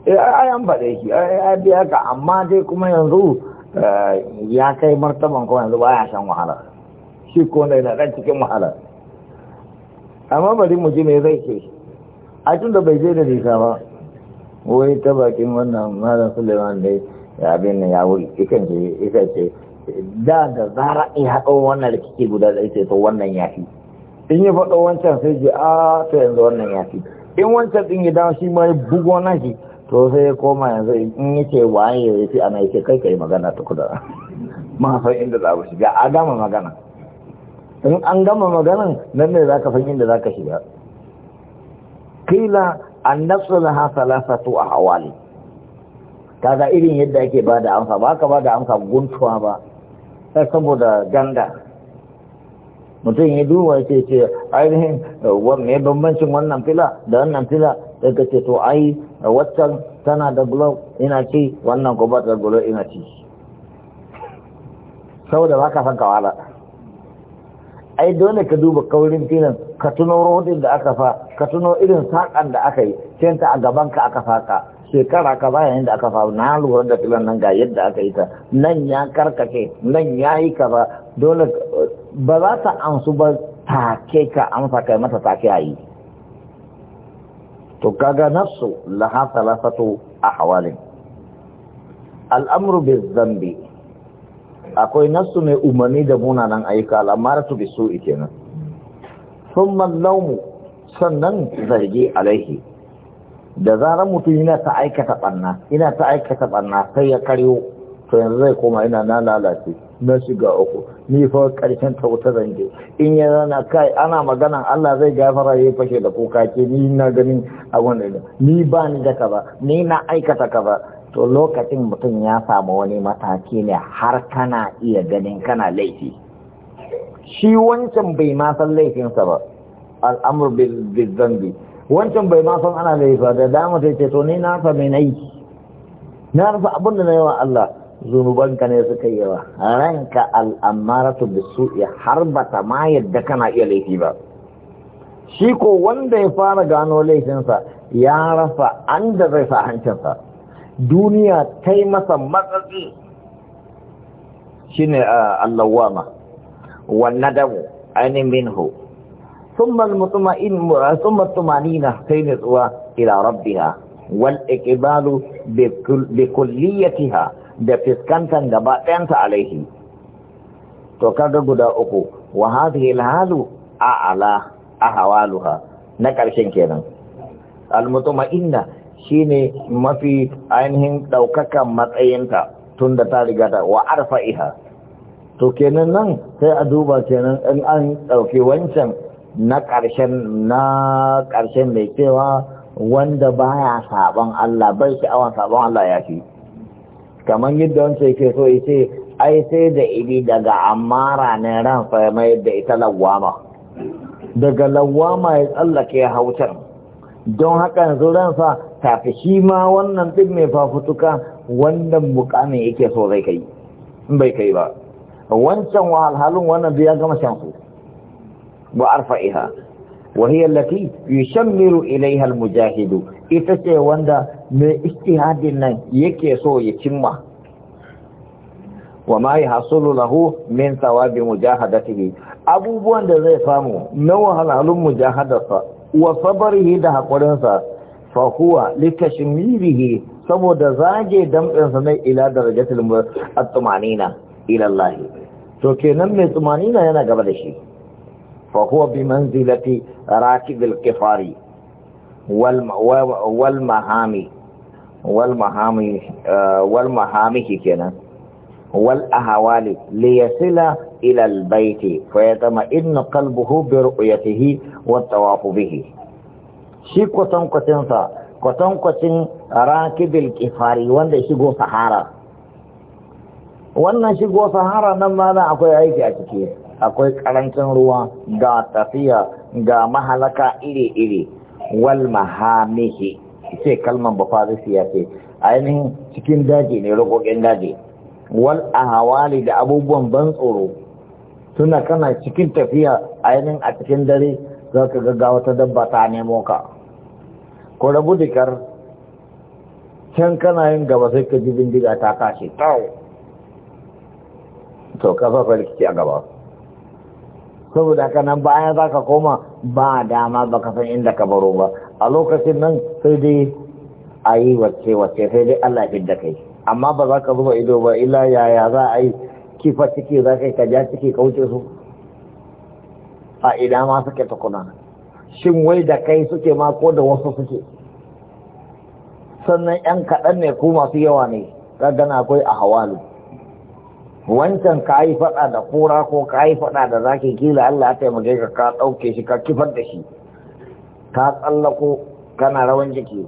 Speaker 2: eh ai an faɗe shi ya biya ka amma dai kuma yanzu eh, ya kai martaban kuma yanzu baya shan wahala shi ko na yana ɗan cikin wahala amma bari mu ji me zai ce a tun da bai je da nisa ba wai ta bakin wannan malam suleiman dai abin ya wuri ikan ce ita ce da da zara in haɗo wannan rikici guda da ita to wannan ya fi in yi faɗo wancan sai ji a to yanzu wannan ya fi in wancan ɗin ya dawo shi ma ya bugo na shi to sai ya koma yanzu in yi ce waye ya fi ana yake kai kai magana ta kuda *laughs* ma san inda za ku shiga a gama magana in an gama maganan nan ne za ka san inda za ka shiga kila an nasu laha salasatu a hawali kaga irin yadda ake ba da amsa ba ka ba da amsa guntuwa ba sai saboda ganda mutum ya duba ce ce ainihin mai bambancin wannan fila da wannan fila daga ce to ai waccan tana da gulo ina ci wannan kuma da gulo ina ci saboda ba ka san kawala ai dole ka duba kaurin tilan, ka tuno rodin da aka fa ka tuno irin sakan da aka yi cinta a gaban ka aka faka shekara ka bayan da aka fa na lura da tilan nan ga yadda aka yi ta nan ya karkace nan ya yi ka ba dole ba za ta amsu ba take ka amsa kai mata take a yi to kaga nafsu laha salasatu ahwalin al'amru bi dhanbi akwai nasu mai umarni da munanan ayyuka al'amaratu bi su'i kenan thumma laumu sannan zargi alaihi da zarar mutum yana ta aikata banna ina ta aikata banna sai ya karyo to yanzu zai koma ina na lalace na shiga uku ni fa karshen ta wuta zange in ya zana kai ana magana Allah zai gafara ya fashe da kuka ke ni na ganin abun da ni ba ni da kaza ni na aikata kaza to lokacin mutum ya samu wani mataki ne har kana iya ganin kana laifi shi wancan bai ma san laifinsa ba al'amur zan bi. wancan bai ma san ana laifa da dama sai ce to ni na fa mai nayi na rasa abin da na yawa Allah zunubanka ne suka yi yawa ranka al'amaratu ya har bata ma yadda kana iya laifi ba shi ko wanda ya fara gano laifinsa ya rasa an da zai sa hancinsa duniya ta yi masa matsatsi shi ne allawama wannan damu ainihin minhu natsuwa. Ila ثم الطمأنينة ila نطوة wal ikibalu والإقبال بكل ha, da fiskantar gaba a alaihi to kaga guda uku wa ala a a'ala ahwaluha na ƙarshen kenan Al-mutuma almutma'inna Shi ne mafi ainihin ɗaukakan matsayinta tun da ta riga da wa iha to kenan nan sai a duba kenan in an ɗauki wancan na ƙarshen na ƙarshen mai cewa wanda baya sabon Allah bai sha'awan sabon Allah ya fi kamar yadda wancan yake so ya ce ai sai da iri daga amara ne ran mai da ita lawama daga lawama ya tsallake hautar don haka yanzu ransa tafi shi ma wannan ɗin mai fafutuka wannan mukamin yake so zai kai in bai kai ba wancan wahalhalin wannan ya gama shan ba arfa iha wahi yallafi yi shan miru ilaihal mujahidu ita ce wanda mai istihadin nan yake so ya cimma wa ma yi hasulu lahu min tsawa mujahadatihi abubuwan da zai samu na wahalhalun mujahadarsa wa sabarihi da haƙurinsa fa huwa litashmirihi saboda zage damtsinsa na ila darajatul at-tumanina ila Allah to kenan mai tumanina yana gaba da shi fa huwa bi manzilati rakibil kifari wal wal mahami wal mahami eh, wal mahami kenan wal ahawali li yasila ila al baiti fa yatama'innu qalbuhu bi ru'yatihi wa tawafu bihi shi kwatan kwatin sa kwatan kwatin rakibil kifari wanda shigo sahara wannan shigo sahara nan ma akwai aiki a ciki akwai karancin ruwa ga tafiya ga mahalaka iri-iri wal mahamihi ce kalman bafarisi ya ce ainihin cikin daji ne rukogin daji wal ahawali da abubuwan ban tsoro tuna kana cikin tafiya ainihin a cikin dare za ka gaga wata dabba ta nemo ka ko rabu dikar can kana yin gaba sai ka ji bindiga ta kashe tau to ka fafa rikici a gaba saboda haka nan baya za ka koma ba dama ba ka san inda ka baro ba a lokacin nan sai dai a yi wacce wacce sai dai allah fi da kai amma ba za ka zuba ido ba ila yaya za a yi kifa ciki za ka yi ciki ka wuce su a ina ma suke tukuna shin wai da kai suke ma ko da wasu suke sannan yan kaɗan ne ko masu yawa ne ragan akwai a hawalu wancan ka yi faɗa da kura ko ka yi faɗa da zaki kila Allah ya taimake ka ka ɗauke shi ka kifar da shi ka tsallako kana rawan jiki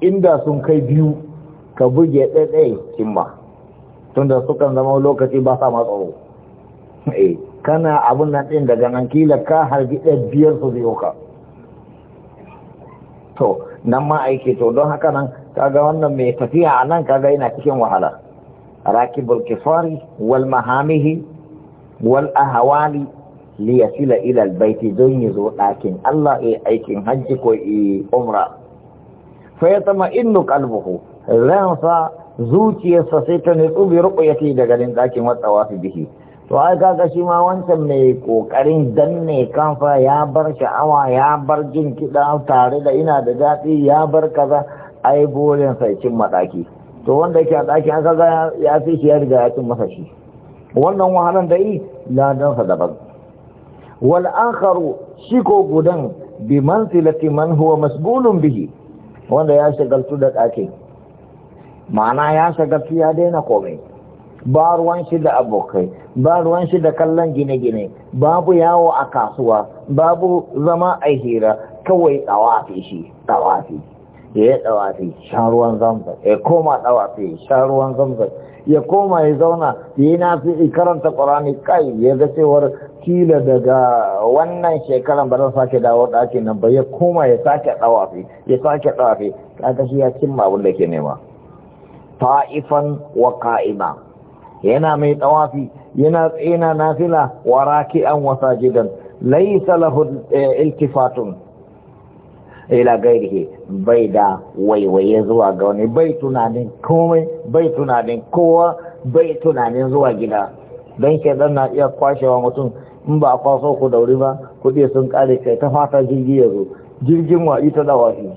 Speaker 2: inda sun kai biyu ka buge ɗaiɗai ba tunda sukan zama lokaci ba sa eh kana abun nan ɗin daga nan kila ka harbi ɗaya biyar su zai ka to nan ma aiki to don haka nan kaga wannan mai tafiya a nan kaga yana cikin wahala rakibul kifari wal mahamihi wal ahawali li yasila ila al baiti don ya zo ɗakin Allah ya aikin hajji ko umra fa ya tama innu qalbuhu sa zuciyarsa sai ta nutsu bi ruƙuyati da garin ɗakin wata wasu bihi to ai kaga shi ma wancan mai kokarin danne kanfa ya bar sha'awa ya bar jin kiɗa tare da ina da daɗi ya bar kaza ai burin sai cin madaki to wanda yake a ɗakin an kaga ya fi shi ya riga ya cin masa shi wannan wahalan da yi sa daban wal akharu shi ko gudan bi manzilati man huwa masbulun bihi wanda ya shagaltu da ɗakin ma'ana ya shiga ya daina komai ba ruwan shi da abokai ba ruwan shi da kallon gine-gine babu yawo a kasuwa babu zama a hira kawai tsawafi shi tsawafi ya yi tsawafi shan ruwan ya koma tsawafi shan ruwan ya koma ya zauna ya yi nasu karanta ƙorani kai ya ga cewar kila daga wannan shekaran ba zan sake dawo dakin nan ba ya koma ya sake tsawafi ya sake tsawafi kaga shi ya cimma abin da ke nema ta'ifan wa ka’ima yana mai tawafi yana tsina nafila wa raki'an wa sajidan laysa lahu eh, iltifatun ila gairihi bai da waiwaye zuwa ga wani bai tunanin komai bai tunanin kowa bai tunanin zuwa gida don shaidan na iya kwashewa mutum in ba a kwaso ku dauri ba kuɗi sun kare kai ta fata jirgi ya zo jirgin wa ita da wafi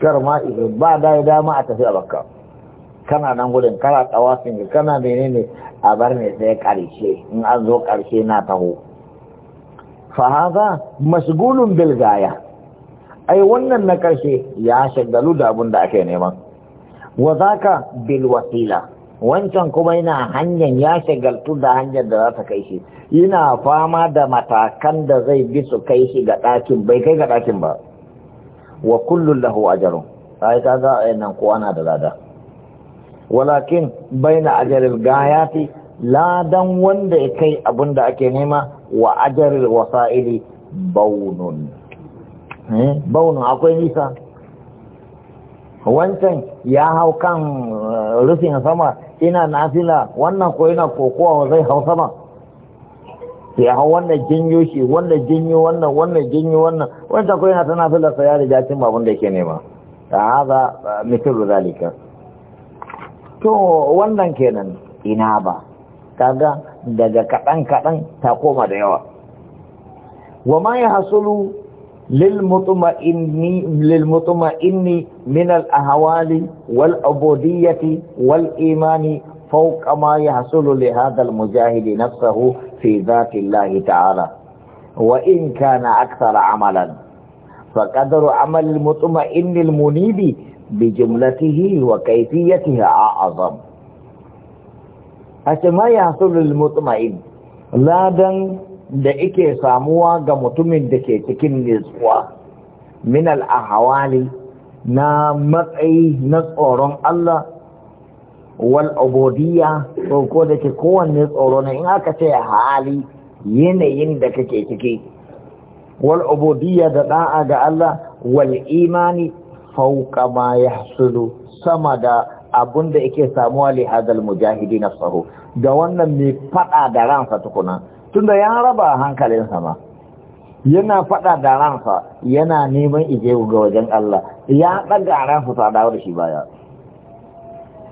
Speaker 2: kar ma ba da dama a tafi a bakka kana nan gudun kana tsawafin kana menene a bar ne sai karshe in an zo karshe na taho fahaza mashgulun bilgaya. gaya ai wannan na karshe ya shagalu da abin da ake neman wa zaka bil wasila wancan kuma yana hanyar ya shagaltu da hanyar da za ta kai shi yana fama da matakan da zai bi su kai shi ga ɗakin bai kai ga ɗakin ba wa kullum lahu ajrun sai yi nan kowa na da lada walakin baina ajalil gayati ladan wanda ya kai abin da ake nema wa ajalil wasa'ili baunun eh, baunun akwai nisa wancan ya hau kan eh, rufin sama ina nafila wannan ko ina kokowa zai hau sama sai hau wannan jinyo shi wannan jinyo wannan wannan jinyo wannan wancan ko ina ta nafila sai ya riga cin abin da yake nema ta haza eh, mitin zalika to wannan kenan ina ba kaga daga kadan kadan ta koma da yawa wa ma ya hasulu lil mutma'inni lil mutma'inni min al ahwali wal ubudiyyati wal imani fawqa ma yahsulu li hadha al mujahidi nafsuhu fi dhati Allah ta'ala wa in kana akthara amalan fa qadaru amal al mutma'inni al munibi بجملته وكيفيتها أعظم أتى ما يحصل للمطمئن لا Ladan, da ike samuwa ga mutumin da ke cikin nitsuwa min al'ahawali na matsayi na tsoron Allah wal obodiya ko da kowanne tsoro na in aka ce hali yanayin da kake ciki wal obodiya da ɗa'a ga Allah wal imani fauka ma yahsulu sama da abun da yake samuwa li hadal mujahidi nafsahu da wannan mai fada da ransa tukuna tunda ya raba hankalin sama, yana fada da ransa yana neman ije ga wajen Allah ya daga ransa ta dawo da shi baya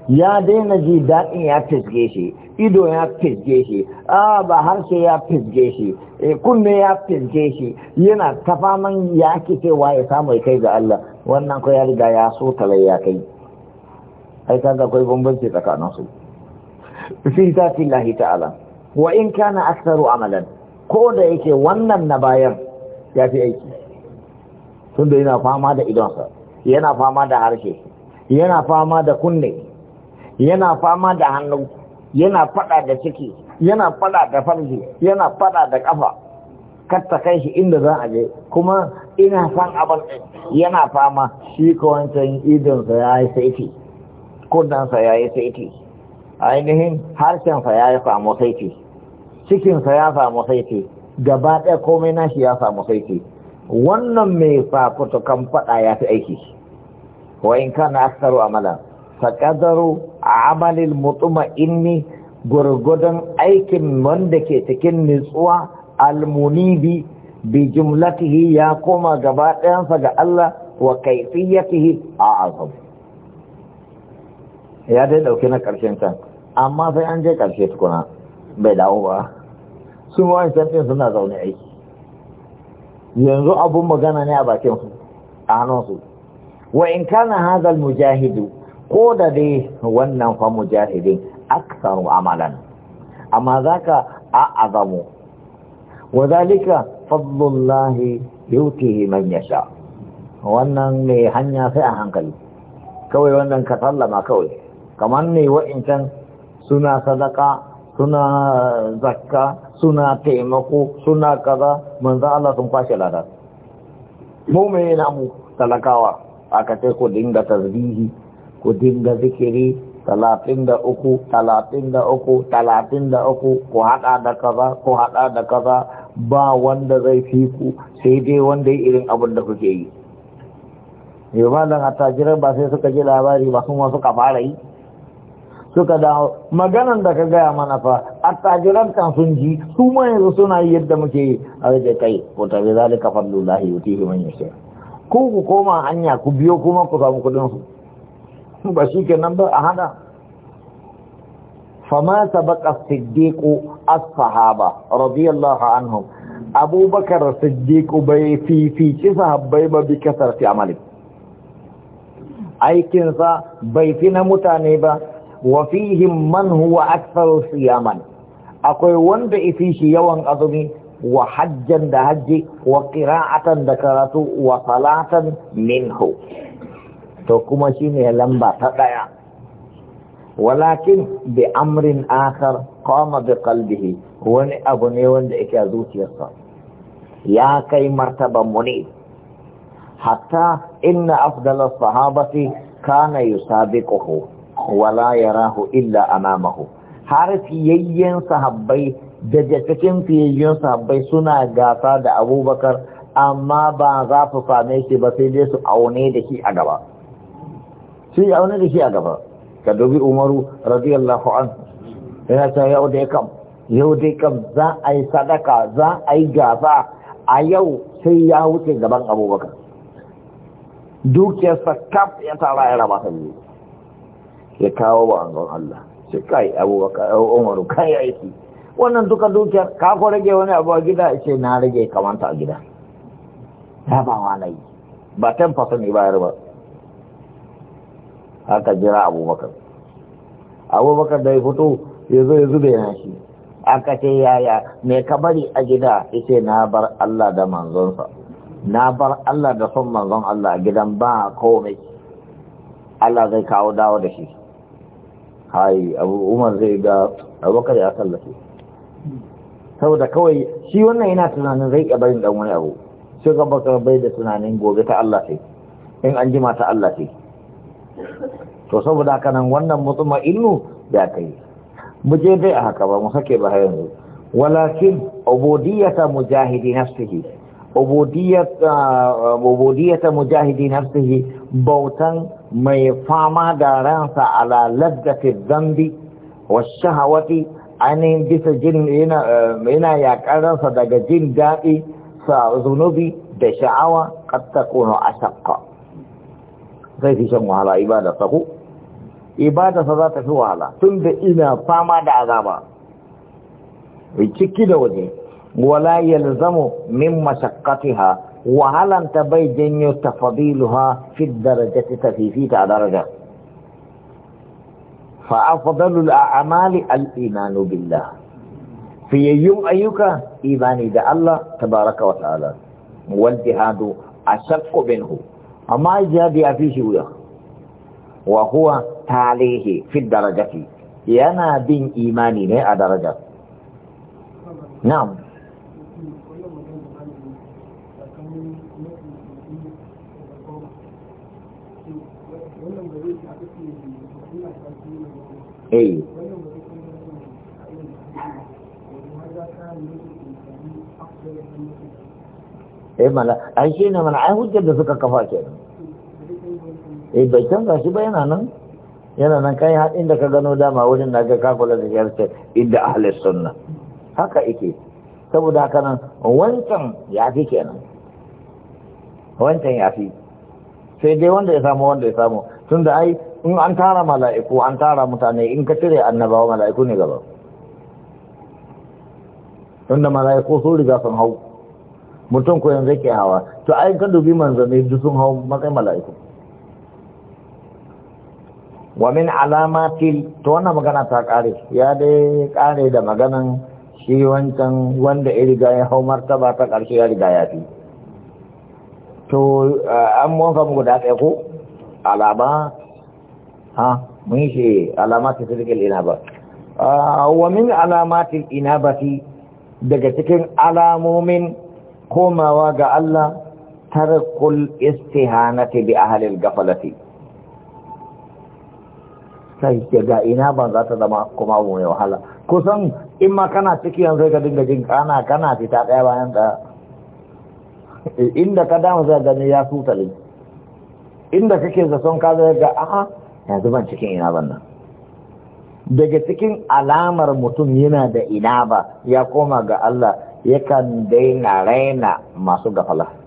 Speaker 2: ya daina ji daɗin ya fisge shi ido ya fisge shi a ba harshe ya fisge shi eh, kunne ya fisge shi yana ta faman ya cewa ya samu kai ga Allah wannan ko ya riga ya so talayya kai ai ga koi bambanci tsakanin su fi zati lahi ta'ala wa in kana aktharu amalan ko da yake wannan na bayan ya fi aiki tunda yana fama da idonsa yana fama da harshe yana fama da kunne yana fama da hannu yana fada da ciki yana fada da farji yana fada da kafa katta kai shi inda za a je kuma ina san abin din yana fama shi ko wancan idonsa ya yi saiti kudansa ya yi saiti ainihin harshensa ya yi samu saiti cikinsa ya samu saiti gaba ɗaya komai nashi ya samu saiti wannan mai fafutukan faɗa ya fi aiki wa in kana aksaru amalan fa a amalin mutuma inni gurgudan aikin wanda ke cikin nutsuwa almunibi bi jumlatihi ya koma gaba ɗayansa ga Allah wa kaifiyatihi a azam ya dai dauke na ƙarshen can amma sai an je ƙarshe tukuna bai dawo ba su ma wancan ɗin suna zaune aiki yanzu abun magana ne a bakin su a hannunsu wa in kana hazal mujahidu ko da dai wannan fa mujahidin aksaru amalan amma zaka a azamu wa zalika fadlullahi yutihi man yasha wannan mai hanya sai a hankali kawai wannan ka sallama kawai kamar ne wa'incan suna sadaka suna eh, zakka suna taimako suna kaza manzo Allah sun kwashe lada mu mai namu talakawa aka ce ku dinga tasbihi ku dinga zikiri talatin da uku talatin da uku talatin da uku ku haɗa da kaza ku haɗa da kaza ba wanda zai fi ku sai dai wanda ya irin abin da kuke yi yau malam attajirai ba sai suka ji labari ba sun wasu fara yi suka dawo maganan da ka gaya mana fa attajiran kan sun ji su ma yanzu suna yi yadda muke yi a wajen kai ko tabi zalika fadlullahi yutihi man yasha ku ku koma hanya ku biyo kuma ku samu kuɗin su *laughs* ba shi ke nan ba a hana fama sabaka siddiku as-sahaba radiyallahu anhum abubakar Siddiku bai fifici sahabbai ba bi fi amali aikinsa bai fi na mutane ba wa fihim man huwa siyaman akwai wanda ifi shi yawan azumi wa hajjan da hajji wa qira'atan da karatu wa salatan minhu to kuma shi ne lamba ta ɗaya walakin bi amrin akar qama bi qalbihi wani abu ne wanda yake a zuciyarsa ya kai martaba mu hatta inna afdala sahabati kana yusabiquhu wala yarahu illa amamahu har fiyayyen sahabbai da cikin fiyayyen sahabbai suna gasa da abubakar amma ba za su same shi ba sai dai su aune da shi a gaba sai ya auna da shi a gaba ka dobi umaru radiyallahu an yana ta yau dai kam yau dai kam za a yi sadaka za a yi gasa a yau sai ya wuce gaban abubakar dukiyarsa kaf ya tara ya raba sanyi biyu ya kawo ba angon Allah sai kai abubakar eh, umaru kai aiki wannan duka dukiyar ka ko rage wani abu a gida ce na rage kamanta a gida ya ba wa nai yi ba 10% ba ya ba aka jira abubakar abubakar da ya fito ya zo ya zube na shi aka ce yaya me ka bari a gida ita na bar Allah da manzonsa na bar Allah da son manzon Allah a gidan ba komai Allah zai kawo dawo da shi hai abu umar zai ga abubakar ya sallace saboda kawai shi wannan yana tunanin zai iya barin dan wani abu shi ga bakar bai da tunanin gobe ta Allah sai in an jima ta Allah sai to saboda haka nan wannan mutuma inu da kai mu je dai a haka ba mu sake ba yanzu walakin ubudiyata mujahidi nafsihi ubudiyata mujahidi nafsihi bautan mai fama da ransa ala ladati dhanbi wa shahawati bisa jin yana yaƙararsa ransa daga jin daɗi sa zunubi da sha'awa qad takunu ashaqqa zai fi shan wahala ibada ta ku ibada ta za ta fi wahala tun da ina fama da azaba ciki da waje wala yalzamu min mashaqqatiha wahalan ta bai janyo tafadiluha fi darajati tafifi ta daraja fa afdalu al a'mali al-iman billah fi yayyun ayyuka ibani da Allah tabaaraka wa ta'ala wal jihadu ashaqqu minhu amma jihadi ya fi shi wuya wa huwa talihi fi darajati yana bin imani ne a darajar na'am eh eh mala ai shi ne mana ai hujjar da suka kafa kenan eh bai canza shi ba yana nan yana nan kai har inda ka gano dama wajen na ga kafula da yarce inda ahli sunna haka yake saboda haka nan wancan ya fi kenan wancan ya fi sai dai wanda ya samu wanda ya samu tunda ai in an tara mala'iku an tara mutane in ka cire annabawa mala'iku ne gaba tunda mala'iku sun riga sun hau mutum ko yanzu ke hawa to ai ka dubi manzanni duk sun hau matsayin mala'iku wa min alamati to wannan magana ta kare ya dai kare da maganan shi wancan wanda ya riga ya hau martaba ta karshe ya riga ya fi to eh, an mun mu guda ɗaya ko alama ha mun yi shi alamati sirkin ina ba ah, wa min alamati ina ba daga cikin alamomin komawa ga Allah tarakul istihanati bi ahalil gafalati sai ga ina ban za ta zama kuma abu mai wahala kusan in ma kana ciki yanzu ka dinga jin kana kana fita daya bayan da inda ka dama zai gani ya sutale inda kake zaton ka zai ga a'a yanzu ban cikin ina ban nan daga cikin alamar mutum yana da ina ba ya koma ga Allah yakan daina raina masu gafala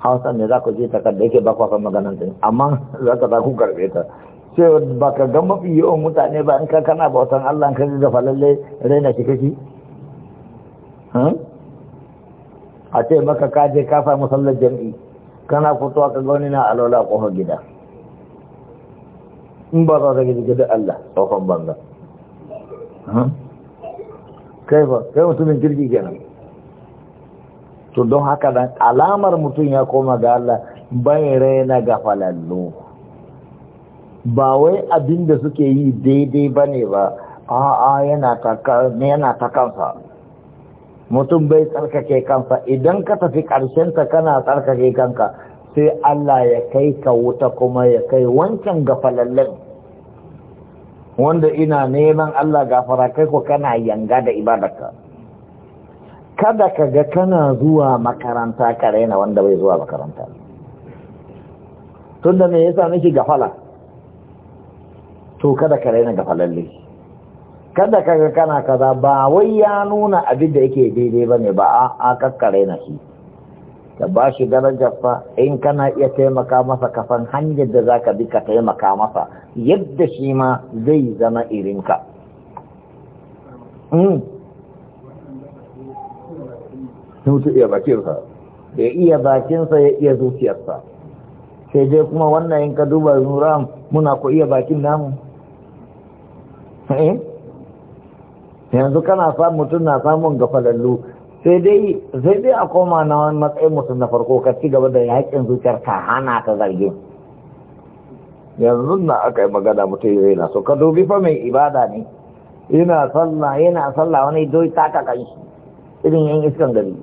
Speaker 2: hausa ne za ku je takarda yake ba kwasan maganan amma za ka za ku ta sai ba ka ga mafi yawan mutane ba in ka kana bautan Allah ka ga falalle raina shi kashi a ce maka ka je ka samu sallar jam'i kana fitowa ka ga wani na alola kofar gida in ba za ka gidi gida Allah tsofan banza kai ba kai mutumin kirki kenan to don haka nan alamar mutum ya koma ga Allah bai raina ga falallo ba wai abin da suke yi daidai ba ne ba a'a yana ta kansa mutum bai tsarkake kansa idan ka tafi ta kana tsarkake kanka sai Allah ya kai ka wuta kuma ya kai wancan ga falallen wanda ina neman Allah gafara kai ko kana yanga da ibadarka kada ka ga kana zuwa makaranta ka raina wanda bai zuwa makaranta tunda me yasa nake gafala to kada ka raina gafalalle kada ka ga kana kaza ba wai ya nuna abin da yake daidai bane ba a kakkare na shi ka ba shi darajar fa in kana iya taimaka masa kafan hanyar da zaka bi ka taimaka masa yadda shi ma zai zama irinka hmm. mutu iya bakinsa ya iya bakinsa ya iya zuciyarsa sai dai kuma wannan yin ka duba nuram muna ko iya bakin namu eh? yanzu kana samun mutum na samun gafalallu sai dai sai dai a koma na wani matsayin mutum na farko ka ci gaba da yakin zuciyar ka hana ta zarge yanzu na aka yi magana mutum ya na so ka dubi fa mai ibada ne yana sallah yana sallah wani doyi taka kai irin yan iskan gari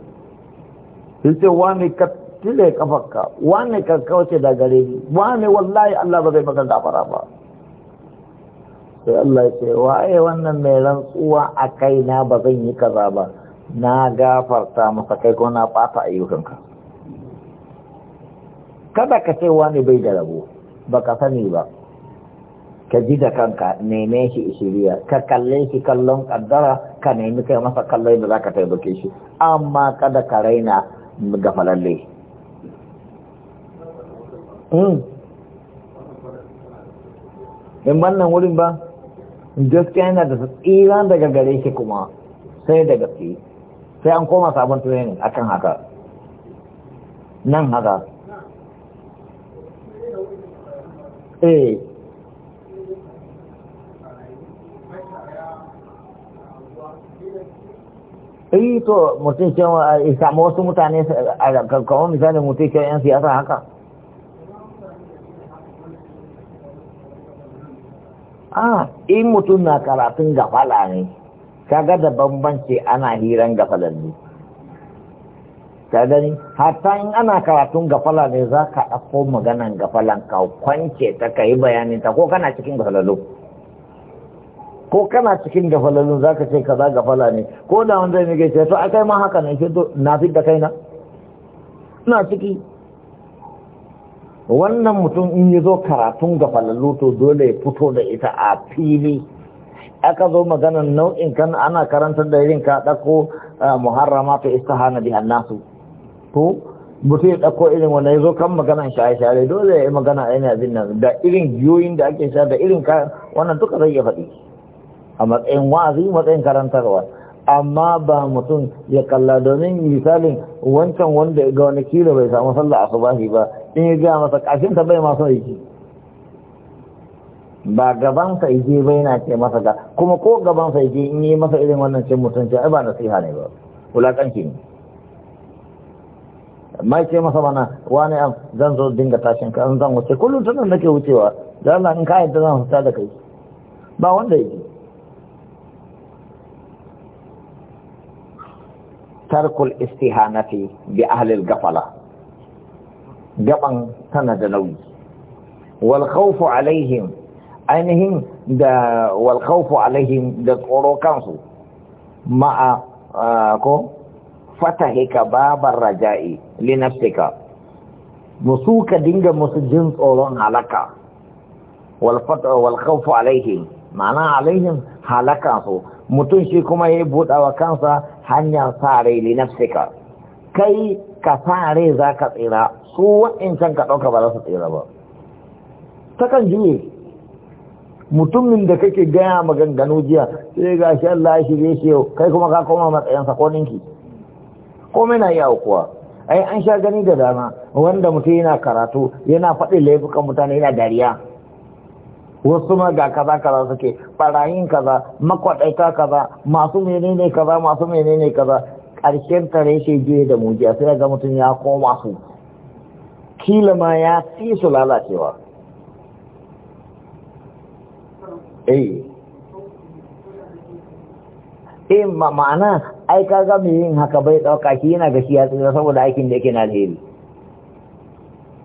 Speaker 2: sai wani ka tile kafarka wani ka kawace da gare ni wani wallahi Allah ba zai maka gafara ba sai Allah ya ce waye wannan mai rantsuwa a na ba zan yi kaza ba na gafarta masa kai ko na fata ayyukanka kada ka ce wani bai da rabo ka sani ba ka ji da kanka neme shi shiriya ka kalle shi kallon kaddara ka nemi kai masa kallon da ka taimake shi amma kada ka raina gafalalle hmm. in bannan wurin ba gaskiya yana da tsira daga gare shi kuma sai da gaske sai an koma sabon training kan haka nan haka eh eh to mutum ce a eh, samu wasu mutane eh, a kawai misalin mutum ce yan siyasa haka ah in mutum na karatun gafala ne kaga da bambanci ana hiran ne. Ta gani hatta in ana karatun gafala ne za ka ɗauko maganan gafalan ka kwance ta ka yi bayanin ta ko kana cikin gafalalo ko kana cikin gafalalun zaka ce kaza gafala ne ko da wanda ne gaishe to akai ma haka ne shi na fi da kaina ina ciki wannan mutum in yi zo karatun gafalalu to dole ya fito da ita a fili aka zo magana nau'in kan ana karantar da irin ka dako eh, muharrama ta istihana bi annasu to mutum ya dako irin wanda ya zo kan maganan shaye-shaye dole ya yi magana a abin nan da irin giyoyin da ake sha da irin ka wannan duka zai iya faɗi a matsayin wazi matsayin karantarwa amma ba mutum ya kalla domin misalin wancan wanda ga wani kilo bai samu sallah asubahi ba in ya gaya masa kashin ta bai masu aiki ba gaban sa yaje bai na ce masa ga kuma ko gaban sa yaje in yi masa irin wannan cin mutunci ai ba nasiha ne ba Wulaƙanci ne mai ce masa mana wani am zan zo dinga tashin ka zan wuce kullum tunan nake wucewa da Allah in ka yadda zan fita da kai ba wanda yake tarkul istihanati bi ahlil gafala gaɓan tana da nauyi wal khawfu alaihim ainihin da wal da tsoro kansu ma'a ko fatahika babar li nafsika musu ka dinga musu jin tsoron halaka wal fata wal khawfu alaihim ma'ana alaihim halaka mutum shi kuma ya buɗa wa kansa hanyar sa rai na nafsika kai ka sa rai za ka tsira su wa'incan ka ɗauka ba za su tsira ba Ta kan juye mutumin da kake gaya maganganu jiya sai eh, ga shi Allah ya shirye shi yau kai kuma ka koma matsayin sakoninki komai na yi aukuwa ai an sha gani da dama wanda mutum yana karatu yana faɗin laifukan mutane yana dariya wasu ma ga kaza kaza suke barayin kaza makwaɗaita kaza masu menene kaza masu menene kaza ƙarshen tare shi je da mujiya sai ga mutum ya koma su kila ma ya fi su lalacewa E, eh, eh ma'ana ai kaga mai yin haka bai ɗauka shi yana gashi ya tsira saboda aikin da yake na alheri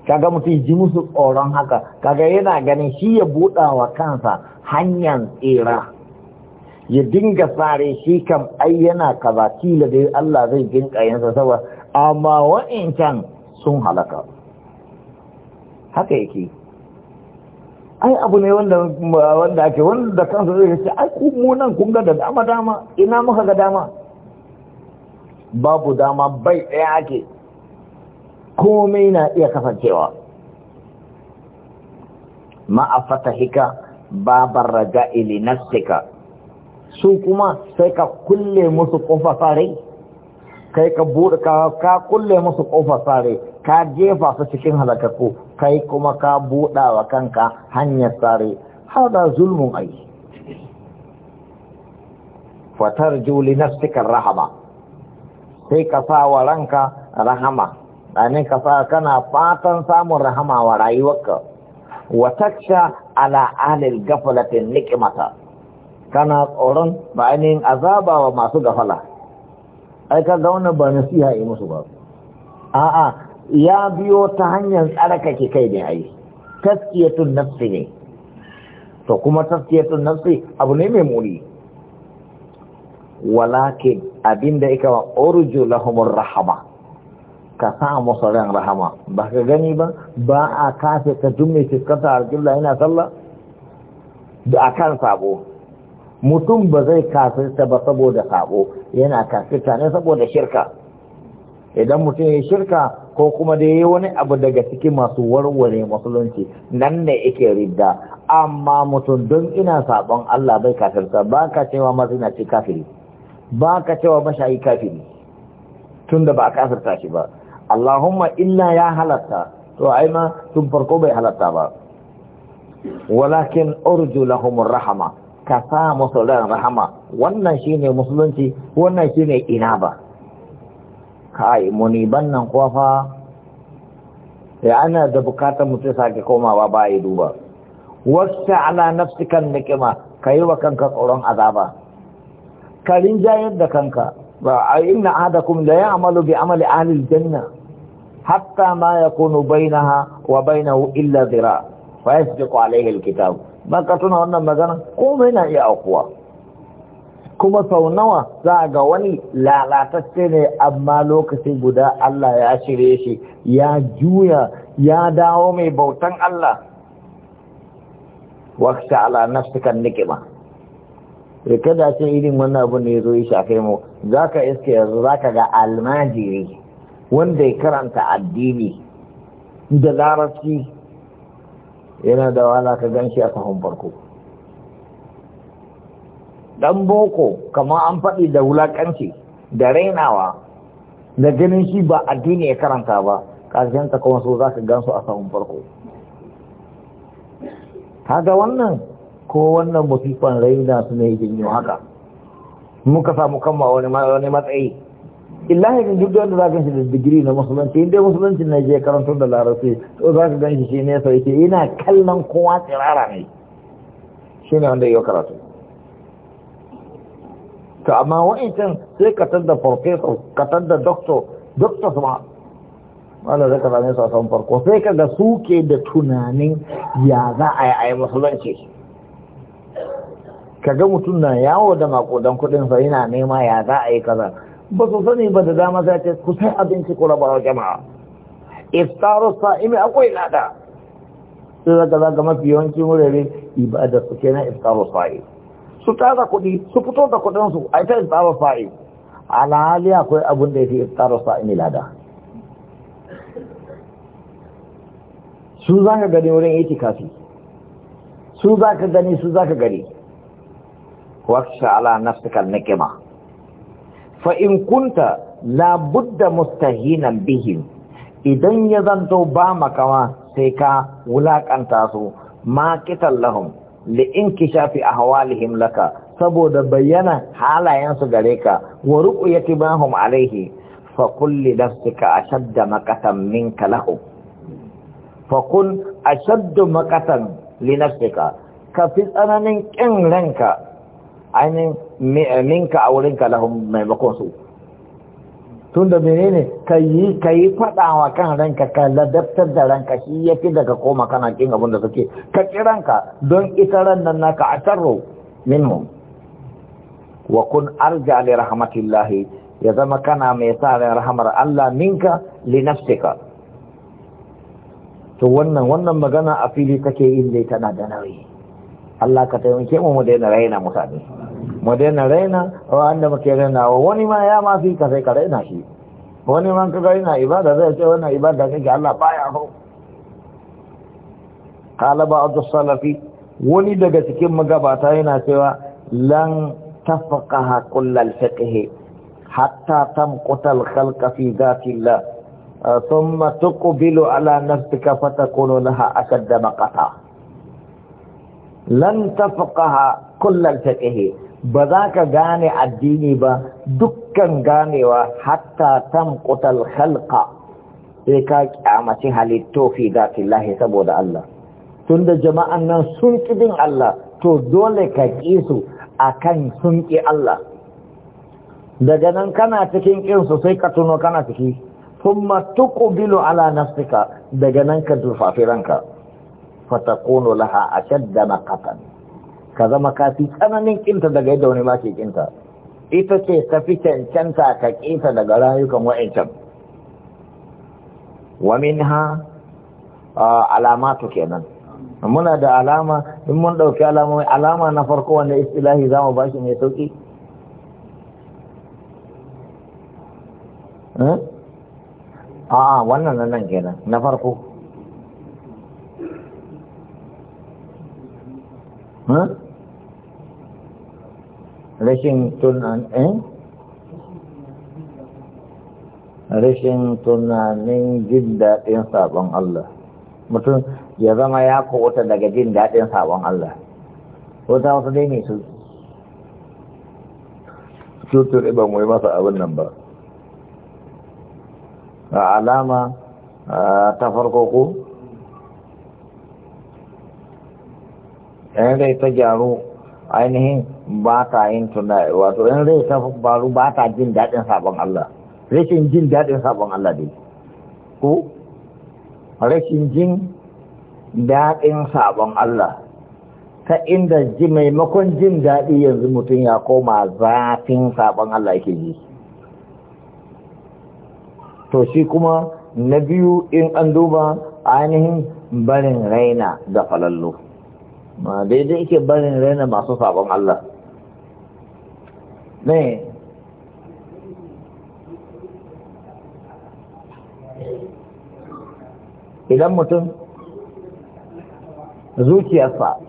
Speaker 2: kaga mutum ji musu tsoron haka kaga yana ganin shi ya buɗa wa kansa hanyar tsira ya dinga sare shi kam ai yana kaza kila da Allah zai dinka yansa saboda amma wa'incan sun halaka haka yake ai abu ne wanda wanda ake wanda kansa zai ce ai ku mu nan kun ga da dama dama ina muka ga dama babu dama bai ɗaya ake komai na iya kasancewa ma'afata hika babar raga ili nafsika su kuma sai ka kulle musu kofa sare kai ka buɗe ka kulle musu kofa sare ka jefa su cikin halakaku kai kuma ka buɗa wa kanka hanyar sare hada zulmun ai Fatar li rahama sai ka sa wa ranka rahama tsanin ka sa kana fatan samun rahama wa rayuwarka wa taksha ala ahlil gafalatin nikmata kana tsoron ba ainihin azaba wa masu gafala ai ka gauna ba nasiha yi musu ba a'a ya biyo ta hanyar tsarkake kai ne ai taskiyatun nafsi ne to kuma taskiyatun nafsi abu ne mai muni walakin abinda ika wa urju lahumur rahama ka sa musu ran rahama ba ka gani ba ba a kafe ka jumme mai fuskanta yana sallah da a kan sabo mutum ba zai kafirta ba saboda sabo yana kafirta ne saboda shirka idan mutum ya shirka ko kuma da yi wani abu daga cikin masu warware musulunci nan ne yake ridda amma mutum don ina sabon Allah bai kafirta ba ka cewa ce kafiri ba ka cewa mashayi kafiri tun da ba a kafirta shi ba Allahumma illa ya halatta to ai ma tun farko bai halatta ba walakin urju lahumur rahama ka sa musu rahama wannan shine musulunci wannan shine inaba kai muni bannan kuwa fa ya ana da bukatar mutum sake komawa ba ya duba wasta ala nafsikan nikima kayi wa kanka tsoron azaba ka rinjayar da kanka ba a inna ahadakum la ya'malu bi amali ahli janna hatta ma yakunu bainaha wa bainahu illa zira fa yasbiqu alayhi alkitab baka tuna wannan magana komai na iya akuwa kuma sau nawa za ga wani lalatacce ne amma lokaci guda Allah ya shirye shi ya juya ya dawo mai bautan Allah wakta ala nafsikan nikima kada ce irin wannan abu ne ya zo ya shafe mu za ka iske yanzu za ka ga almajiri wanda ya karanta addini da larabci yana da wala ka gan shi a sahun farko dan boko kama an faɗi da wulaƙanci da rainawa da ganin shi ba addini ya karanta ba ta kuma so za ka gan su a sahun farko kaga wannan ko wannan musifan raina suna ne jinyo haka muka samu kama wani matsayi illahi duk wanda za ka shi da digiri na musulunci inda musulunci na je karantar da larabci to za ka gan shi ne sau yake ina kallon kowa tsirara ne shi ne wanda ya karatu to amma can sai ka tadda professor ka tadda doctor doctor ma wanda zai ka same su a san farko sai ka ga suke da tunanin ya za a yi a yi musulunci ka ga mutum na yawo da makodan sa yana nema ya za a yi kaza ba su sani ba da dama za ta ku sai abinci ku raba jama'a iftaru sa'imi akwai lada sai zaka zaka mafi yawancin wurare ibada su kenan iftaru sa'i su tara kuɗi su fito da kuɗin su a ta iftaru sa'i alhali akwai abin da ya fi iftaru sa'imi lada su za ka gani wurin kafi? su za ka gani su za ka gani waksa ala nafsika nikima fa in kunta la budda mustahinan bihim idan ya zanto ba makawa sai ka wulaƙanta su ma kitan lahum li inkishafi ahwalihim laka saboda bayyana halayensu gare ka wa ruqyati bahum alaihi fa kulli nafsika ashadda maqatan minka lahum fa kun ashaddu maqatan li nafsika ka fi tsananin kin ranka ainihin eh, minka a wurinka lahun maimakon su tun da menene ka yi ka yi faɗawa kan ranka ka ladabtar da ranka shi ya fi daga koma kana kin abin da suke ka kiranka don ita ran nan naka a tarro minhum wa kun arja li rahmatillahi ya zama kana mai sa ran rahmar Allah minka li nafsika to wannan wannan magana a fili take yin dai tana da nauyi Allah ka taimake mu mu daina raina mutane mu daina raina wanda muke rainawa wani ma ya ma fi ka sai ka raina shi wani ma ka raina ibada zai ce wannan ibada kake Allah baya so kala ba as-salafi wani daga cikin magabata yana cewa lan tafaka kullal fiqh hatta tamqutal khalqa fi dhatillah ثم تقبل على نفسك فتكون لها أشد مقتا lan tafaka كل الفقه ba za ka gane addini ba dukkan ganewa hatta kutal halka sai ka kyamaci halitto fi zatillahi saboda Allah tunda jama'an nan sun ki Allah to dole ka ƙi su akan sun ƙi Allah daga nan kana cikin ƙinsu sai ka tuno kana ciki sun thumma bilo ala nafsika daga nan ka zurfafi ranka fatakunu laha na maqatan ka zama kafi tsananin kinta daga yadda wani ma ke kinta ita ce ta fi cancanta ka kinta daga rayukan wa'incan wa minha alamatu kenan muna da alama in mun dauki alama mai alama na farko wanda istilahi za mu ba shi mai sauƙi eh? a'a wannan na nan kenan na farko eh? rashin tunan eh? rashin tunanin jin daɗin sabon Allah mutum ya zama ya kowata daga jin daɗin sabon Allah ko ta wasu dai ne su cutar iban wai masa abin nan ba a alama ta farko ko ɗaya dai ta gyaru ainihin ba ta yin tuna wato in rai ta faru ba ta jin daɗin sabon Allah rashin jin daɗin sabon Allah dai ko rashin jin daɗin sabon Allah ta inda ji maimakon jin daɗi yanzu mutum ya koma zafin sabon Allah yake ji to shi kuma na biyu in an duba ainihin barin raina da falallo ma daidai ike barin raina masu sabon Allah ne idan mutum zuciyarsa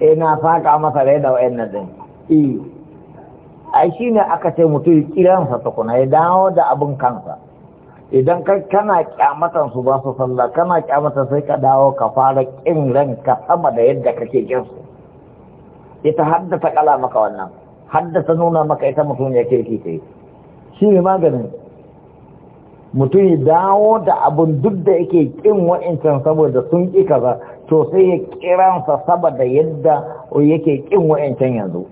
Speaker 2: ina na faɗa masa rai da wa'annan din iya eh. ai shi ne aka ce mutum kiransa tukuna ya dawo da abin kansa idan kai kana kyamatan su ba su sallah kana kyamata sai ka dawo ka fara kin ranka sama da yadda kake kin su ita haddasa kala maka wannan haddasa nuna maka ita mutum ya kirki ta shi ne maganin mutum ya dawo da abun duk da yake kin wa'incan saboda sun ƙi kaza to sai ya kiransa saboda yadda yake kin wa'incan yanzu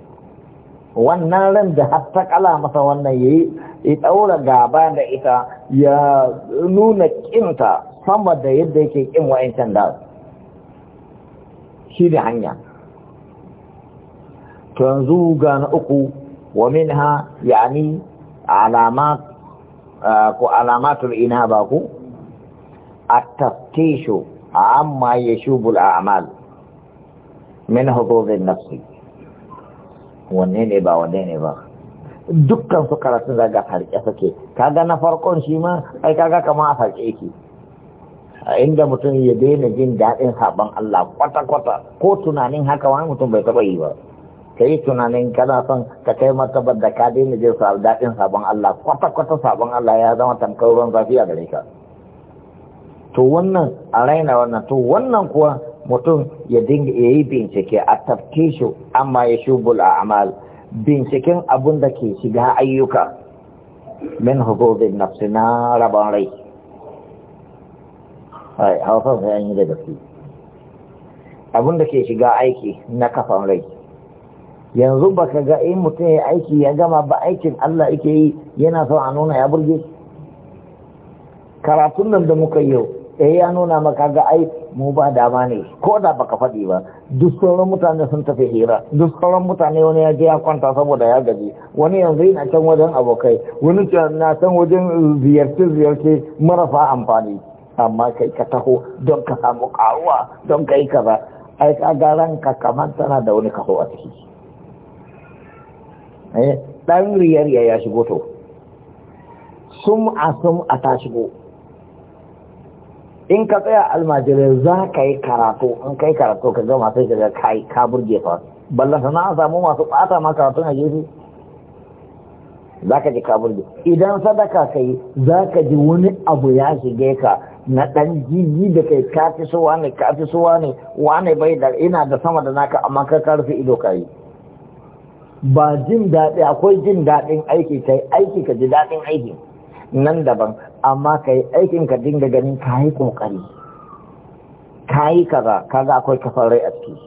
Speaker 2: wannan ran da har ta kala masa wannan yayi ya daura gaba da ita ya nuna ƙinta, sama da yadda yake kin wa'ancan da shi da hanya to yanzu ga na uku wa minha yani alama ko alamatul inaba ku at-taftishu amma yashubul a'mal min hududin nafsi wanne ne ba wanne ne ba dukkan su karatun zaga farke suke kaga na farkon shi ma ai kaga kama a farke yake a inda mutum ya daina jin daɗin sabon Allah kwata-kwata ko tunanin haka wani mutum bai taɓa yi ba ka yi tunanin kana son ka kai martabar da ka daina jin daɗin sabon Allah kwata-kwata sabon Allah ya zama tamkar ruwan zafi a gare ka to wannan a raina wannan to wannan kuwa mutum ya dinga ya yi bincike a tafkishu amma ya shubul a amal binciken abun da ke shiga ayyuka min hukuzin nafsi na rabon rai ai hausar sai an yi da gaske abun da ke shiga aiki na kafan rai yanzu baka ga in mutum ya aiki ya gama ba aikin Allah yake yi yana son a nuna ya burge karatun nan da muka yau eh ya nuna maka ga ai mu ba dama ne ko da baka faɗi ba duk sauran mutane sun tafi hira duk sauran mutane wani ya je ya kwanta saboda ya gaji wani yanzu yana can wajen abokai wani na can wajen ziyarce ziyarce marasa amfani amma kai ka taho don ka samu karuwa don ka yi kaza ai ka ga ranka kamar tana da wani kaso a ciki eh, ɗan riyar ya shigo to sum a sum a ta shigo in ka tsaya almajirai za ka yi karatu in kai karatu ka gama sai ka ga kai ka burge fa balla sana an samu masu bata ma karatu a gefe za ka ji ka burge idan sadaka ka yi za ka ji wani abu ya shige ka na dan jiji da kai ka fi so wane ka fi so wane wane bai da ina da sama da naka amma ka ka rufe ido ka yi ba jin daɗi akwai jin daɗin aiki kai aiki ka ji daɗin aiki nan daban amma ka yi aikin ka dinga ganin ka yi ƙoƙari ka yi kaza kaga akwai kafin rai a ciki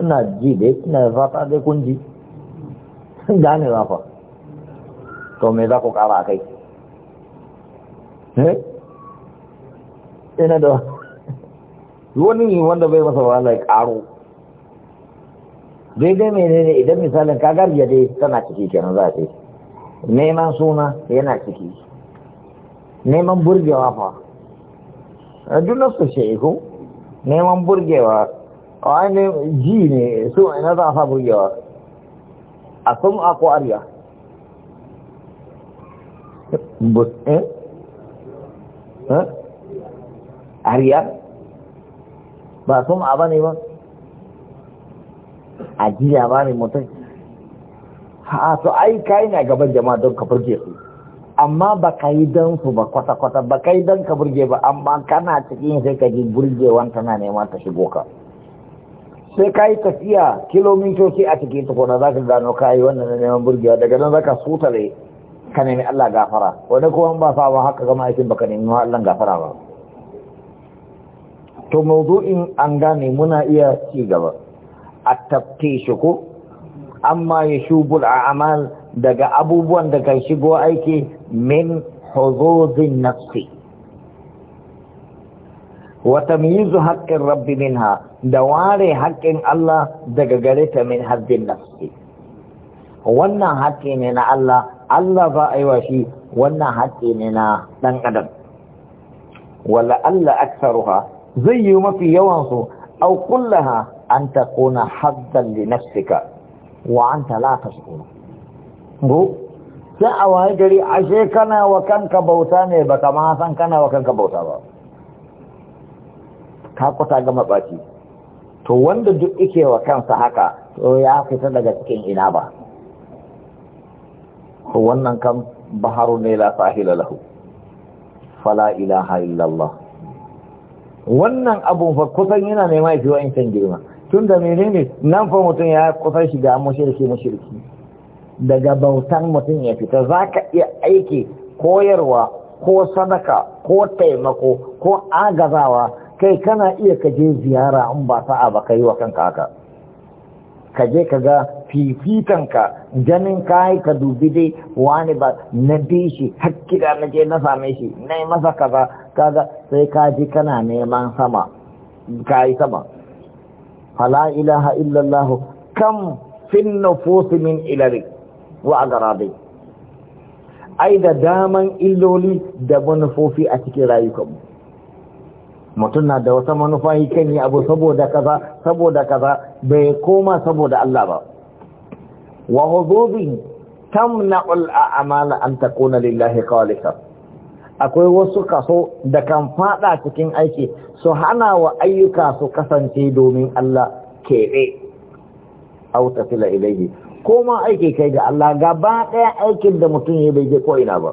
Speaker 2: ina ji dai ina fata zai kunji sun gane ba to me za ku ƙara a kai eh? ina da wani ne wanda bai masa wala ya ƙaro daidai ne idan misalin kagar yadda tana ciki kenan za a ce neman suna yana ciki neman burgewa fa duk su ce ko neman burgewa a wani ji ne su ina za a sa burgewa a sun ako ariya eh? eh? arya ba sun a ba ne ba ajiya ba ne mutum ha to ai kai na gaban jama'a don ka burge su amma ba ka yi don su ba kwata-kwata ba ka yi don ka burge ba amma kana cikin sai ka ji burgewan tana nema ta shigo ka sai ka yi tafiya kilomitoci a cikin tukuna za ka gano ka yi wannan neman burgewa daga nan za ka sutare ka nemi Allah gafara wani kuma ba sa ba haka gama aikin baka nemi Allah gafara ba to mawdu'in an gane muna iya ci gaba a tafke shi ko amma ya shubul a amal daga abubuwan da kan shigo aiki min huzuzin nafsi wata miyizu haƙƙin rabbi minha da ware haƙƙin Allah daga gare ta min haddin nafsi wannan haƙƙi ne na Allah Allah ba a yi wa shi wannan haƙƙi ne na ɗan adam wala Allah aksaruha zai yi mafi yawansu au kullaha an takuna haddan li nafsika wa anta la tashkuru go sai a wani gari ashe kana wa kanka bauta ne ba kama san kana wa kanka bauta ba ka kwata ga mabaci to wanda duk ike wa kansa haka to ya fita daga cikin ina ba to wannan kan baharu ne la sahila lahu fala ilaha illallah wannan abun fa kusan yana nema ya fi wa'in girma tun da menene nan fa mutum ya kusa shiga mushirki mushirki daga bautan mutum ya fita za ka iya aiki koyarwa ko sadaka ko taimako ko agazawa kai kana iya ka je ziyara in ba sa'a ba ka yi wa kanka haka ka je ka ga fifitanka ganin kayi ka dubi dai wani ba na bi shi har na je na same shi na yi masa kaza kaga sai ka ji kana neman sama ka yi sama fala ilaha illallah kam fin nufus min ilari wa agarabi ai da daman illoli da manufofi a cikin rayukanmu mutum na da wata manufa yi kan yi abu saboda kaza saboda kaza bai koma saboda Allah ba wa hudubin tamna'ul a'mala an takuna lillahi khalisatan akwai wasu kaso da kan fada cikin aiki su hana wa ayyuka su kasance domin Allah keɓe au tafila ilaihi ko ma aiki kai ga Allah gaba ɗaya aikin da mutum ya bai je ko ina ba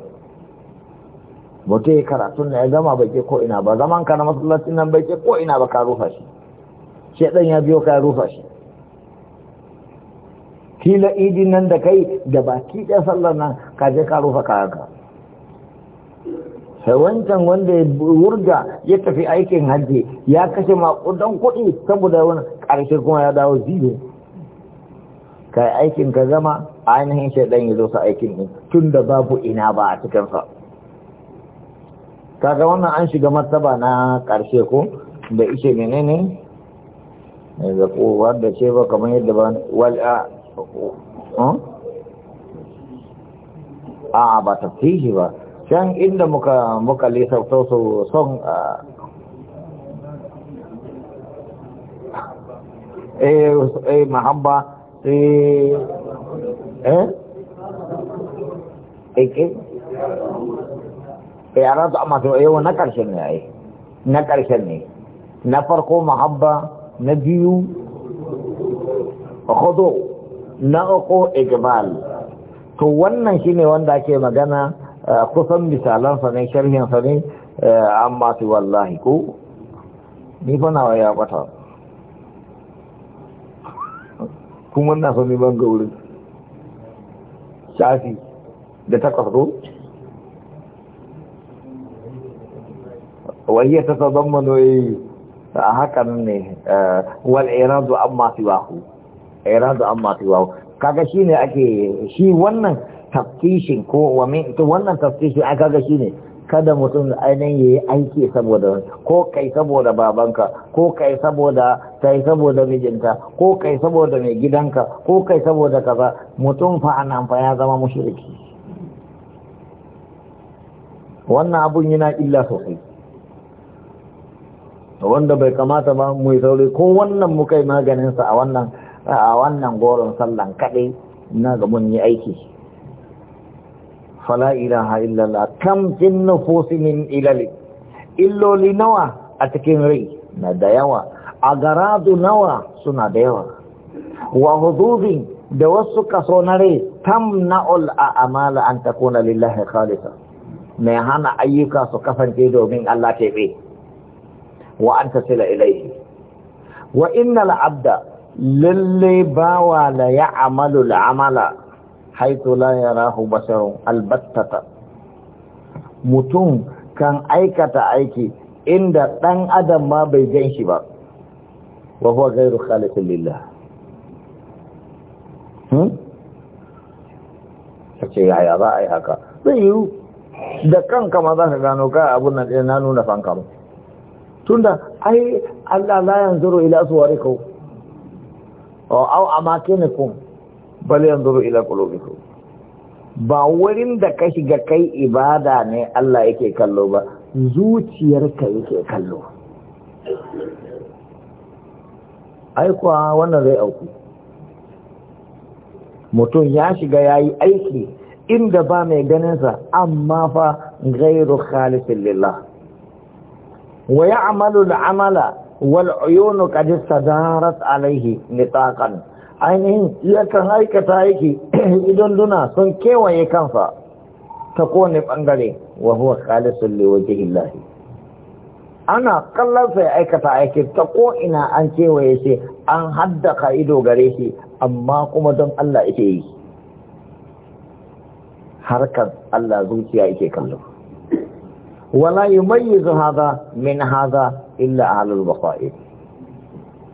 Speaker 2: mutum ya karatun da ya gama bai je ko ina ba zaman ka na masallacin nan bai je ko ina ba ka rufa shi dan ya biyo ka rufa shi kila idin nan da kai da baki ɗaya sallar nan ka je ka rufa kayanka wancan wanda ya wurga ya tafi aikin hajji ya kashe makudan kuɗi saboda wani ƙarshe kuma ya dawo zibe kai aikin ka zama ainihin shaidan ya zo su aikin ne tun da babu ina ba a cikinsa kaga wannan an shiga martaba na ƙarshe ko da ishe menene da kowa da ce ba kamar yadda ba wal'a a ba tafi shi ba can inda muka muka lisafto su son eh eh mahamba eh eh eh yara su amma sau yau na ƙarshen ne ai na ƙarshen ne na farko mahabba na biyu khudu na uku igbal to wannan shine wanda ake magana Eh, kusan sa ne sa ne eh, amma su wallahi ko ni fa nawa ya bata
Speaker 1: kuma na so neman ga wurin
Speaker 2: shafi da takwas zama وهي تتضمن ايه هكذا ne والإراد eh, wahu iradu إراد أما wahu kaga shine ake shi wannan tafkishin ko wa min to wannan tafkishi aka ga shine kada mutum ainihin ya yi aiki saboda ko kai saboda babanka ko kai saboda kai saboda mijinta ko kai saboda mai gidanka ko kai saboda kaza mutum fa anan fa ya zama mushriki wannan abun yana illa sosai wanda bai kamata ba mu yi sauri ko wannan mu kai maganinsa a wannan a wannan goron sallan kaɗai na ga yi aiki fala ilaha illallah kam jin nufusi min ilali illoli nawa a cikin rai na da yawa a garadu nawa suna da yawa wa hududin da wasu kaso na rai tam na'ul a amala an takuna lillahi khalisa mai hana ayyuka su kasance domin Allah keɓe wa an tasila ilaihi wa innal abda lalle bawa la ya'malu al'amala haitu la yarahu basharun albattata mutum kan aikata aiki inda dan adam ma bai gan shi ba wa huwa ghairu khaliqin lillah hmm sace ya ya ba ai haka zai yi da kanka ma za ka gano ka abun nan na nuna fanka ba tunda ai Allah la yanzuru ila suwarikum aw amakinakum bal yanzuru ila qulubikum ba wurin da ka shiga kai ibada ne Allah yake kallo ba
Speaker 3: zuciyarka yake kallo
Speaker 2: aikuwa wannan zai auku mutum ya shiga yayi aiki inda ba mai ganin sa amma fa gairu khalifin lillah wa ya'malu al'amala wal uyunu qad sadarat alaihi nitaqan ainihin yakan aikata yake *clears throat* idan duna sun kewaye kansa ta kowane bangare wa huwa khalisun li wajhillahi ana kallon sai aikata aiki ta ko ina an kewaye shi an haddaka ido gare shi amma kuma don Allah yake yi harkar Allah zuciya yake kallo wala yumayyizu hadha min hadha illa ahlul baqa'i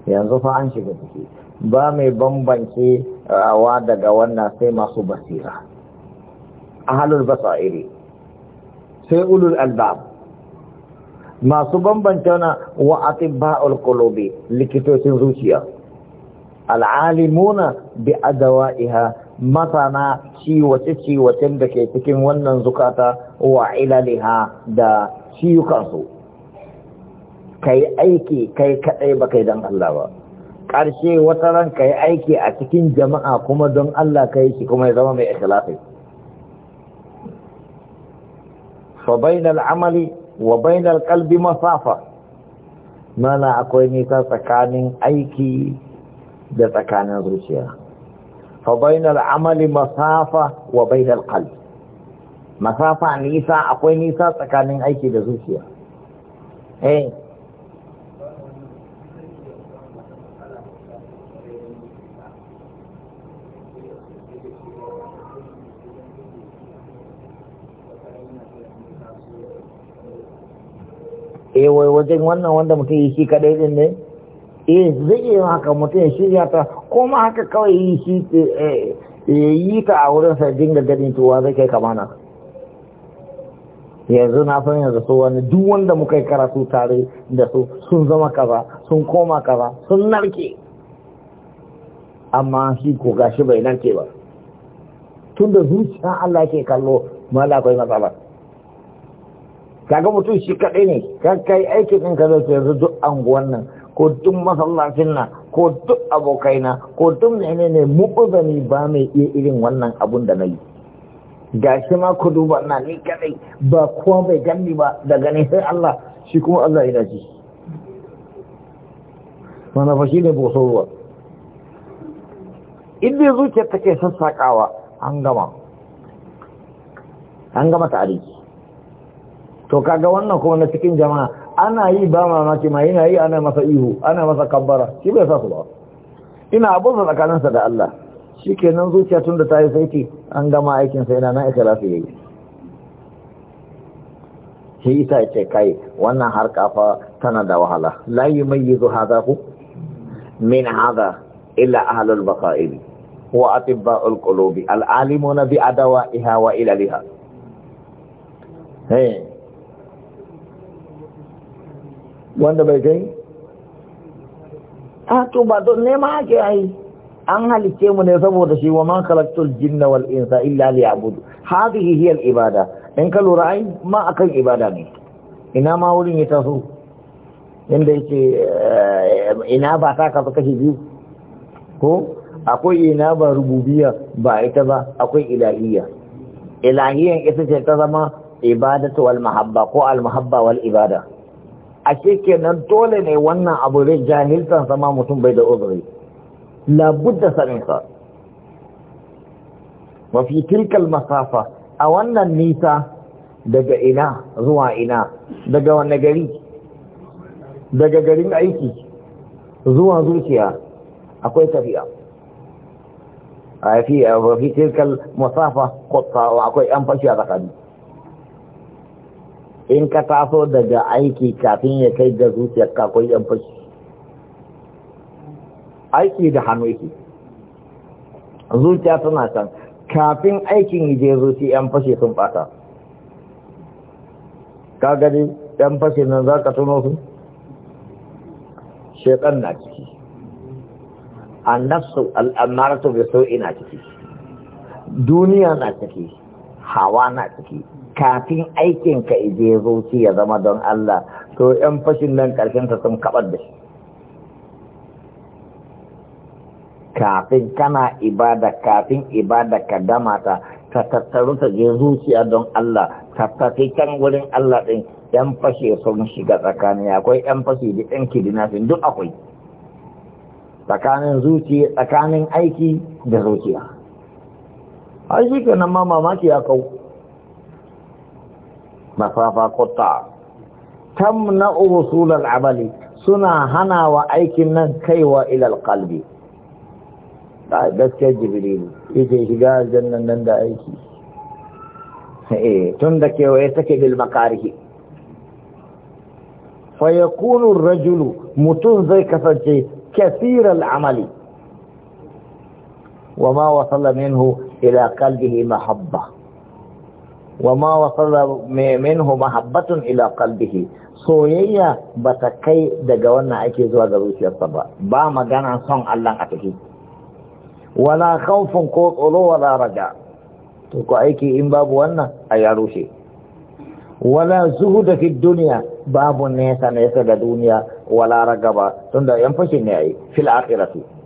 Speaker 2: yanzu fa an shiga ciki ba mai bambance rawa daga wannan sai masu basira ahalul basairi sai ulul albab masu bambance na wa atibba'ul likitocin zuciya al'alimuna bi adawa'iha masana ciwace ciwacen da ke cikin wannan zukata wa ilaliha da ciyukansu kai aiki kai kadai ba kai dan Allah ba ƙarshe wata ran ka yi aiki a cikin jama'a kuma don Allah ka yi shi kuma ya zama mai ikhlasi fa bainal amali wa bainal qalbi masafa mana akwai nisa tsakanin aiki da tsakanin zuciya fa bainal amali masafa wa bainal qalbi masafa nisa akwai nisa tsakanin aiki da
Speaker 3: zuciya eh
Speaker 2: eh wai wajen wannan wanda mutum yi shi kadai din ne eh zai yi haka mutum ya shirya ta ko ma haka kawai yi shi eh, eh, yi ta a wurin sa dinga ganin tuwa zai kai kamana yanzu na san yanzu su wani duk wanda muka yi karatu tare da su sun zama kaza sun koma kaza sun narke amma shi ko gashi bai narke ba Tunda zuciya Allah ke kallo mala akwai matsala kaga mutum shi kaɗai ne ka kai aiki ɗin ka zai yanzu duk anguwan nan ko duk masallacin nan ko duk na, ko duk mene ne mu'uzani ba mai iya irin wannan abun da na yi ga shi ma ku duba na ni kaɗai ba kowa bai ganni ba daga ne sai Allah shi kuma Allah ya dace mana fa shi ne bosowa inda zuciyar take sassaƙawa an gama an gama tarihi to kaga wannan kuma na cikin jama'a ana yi ba mamaki ma yana yi ana masa ihu ana masa kabbara shi bai sa su ba ina tsakanin sa tsakaninsa da Allah shikenan zuciya tun da ta yi saiti an gama aikin sa na nan ikhlasi yayi shi isa ce kai wannan har kafa tana da wahala la yumayyizu hadha ku min hadha illa ahlul basa'ir wa atibba'ul qulubi al alimuna bi adawaiha wa ilaliha hey wanda bai kai a ah, to ba don nema ake yi an halicce mu ne saboda shi wa man khalaqtul jinna wal insa illa liya'budu hadhihi hiya al ibada in ka lura ai ma akan ibada ne ina ma wurin ya taso inda yake eh, ina ba ta kafa kashi biyu ko akwai ina ba rububiya ba ita ba akwai ilahiyya ilahiyan ita ce ta zama ibadatu wal mahabba ko al mahabba wal ibada ashe kenan dole ne wannan abu zai jahiltan sama mutum bai da uzuri labudda saninsa mafi tilkal masafa a wannan nisa daga ina zuwa ina daga wanne gari daga garin aiki zuwa zuciya akwai tafiya a fi tilkal masafa akwai yan fashi a tsakani in ka taso daga aiki kafin ya kai ga zuciyar kakwai yan fashi aiki da hannu yake zuciya tana can kafin aikin yi je zuci yan fashi sun fata. ka gani yan fashi nan za ka tuno su shekar na ciki annafsu al'amaratu sau'i ina ciki duniya na ciki hawa na ciki kafin aikin ka ije zuci ya zama don Allah to yan fashin nan karshen ta sun kabar da shi kafin kana ibada kafin ibada ka dama ta ta tattaru ta je zuciya don Allah tafi can wurin Allah din yan fashe sun shiga tsakani akwai yan fashe da yan sun duk akwai tsakanin zuciya tsakanin aiki da zuciya ai shi kenan ma mamaki ya kau مسافة قطع تمنع وصول العمل سنا هنا وأيكنا كيوا إلى القلب بس جبريل يجي شجاع الجنة نندا أيكي إيه تندك ويتك بالمكاره فيكون الرجل متنزي كفجي كثير العمل وما وصل منه إلى قلبه محبة wa ma wasalla minhu mahabbatun ila qalbihi soyayya ba ta kai daga wannan ake zuwa ga zuciyarsa ba ba magana son Allah a take wala khawfun ko tsoro wala raja to ko aiki in babu wannan a yaro shi. wala zuhuda fi duniya babu nesa nesa ga duniya wala ragaba tunda yan fashin ne yayi fil akhirati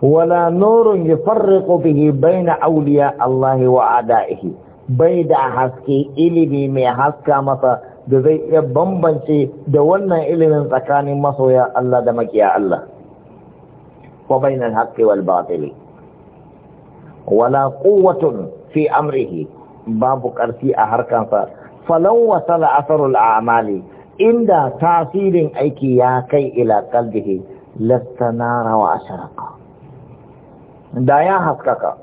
Speaker 2: wala nurun yufarriqu bihi baina awliya Allah wa adaihi bai da haske ilimi mai haska masa da zai iya bambance da wannan ilimin tsakanin masoya Allah da makiya Allah wa bainal haqqi wal batili wala quwwatun fi amrihi babu ƙarfi a harkansa falon wasala asarul amali inda tasirin aiki ya kai ila kalbihi lastanara wa asharaka da ya haskaka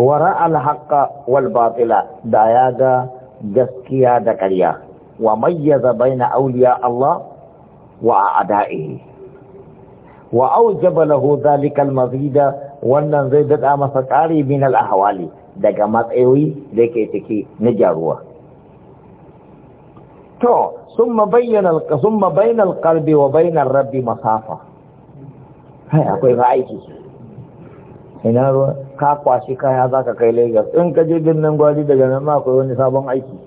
Speaker 2: wara haqqa wal batila da ya ga gaskiya da ƙarya wa mayyaza baina awliya Allah wa a'da'ihi wa aujaba lahu zalikal mazida wannan zai dada masa ƙari min al ahwali daga matsayoyi da yake ciki na jaruwa to summa bayyana al summa al qalbi wa bainar rabbi masafa hai akwai ra'ayi ina ruwa ka kwashi kaya za ka kai lagos in ka je birnin gwaji daga nan ma akwai wani sabon aiki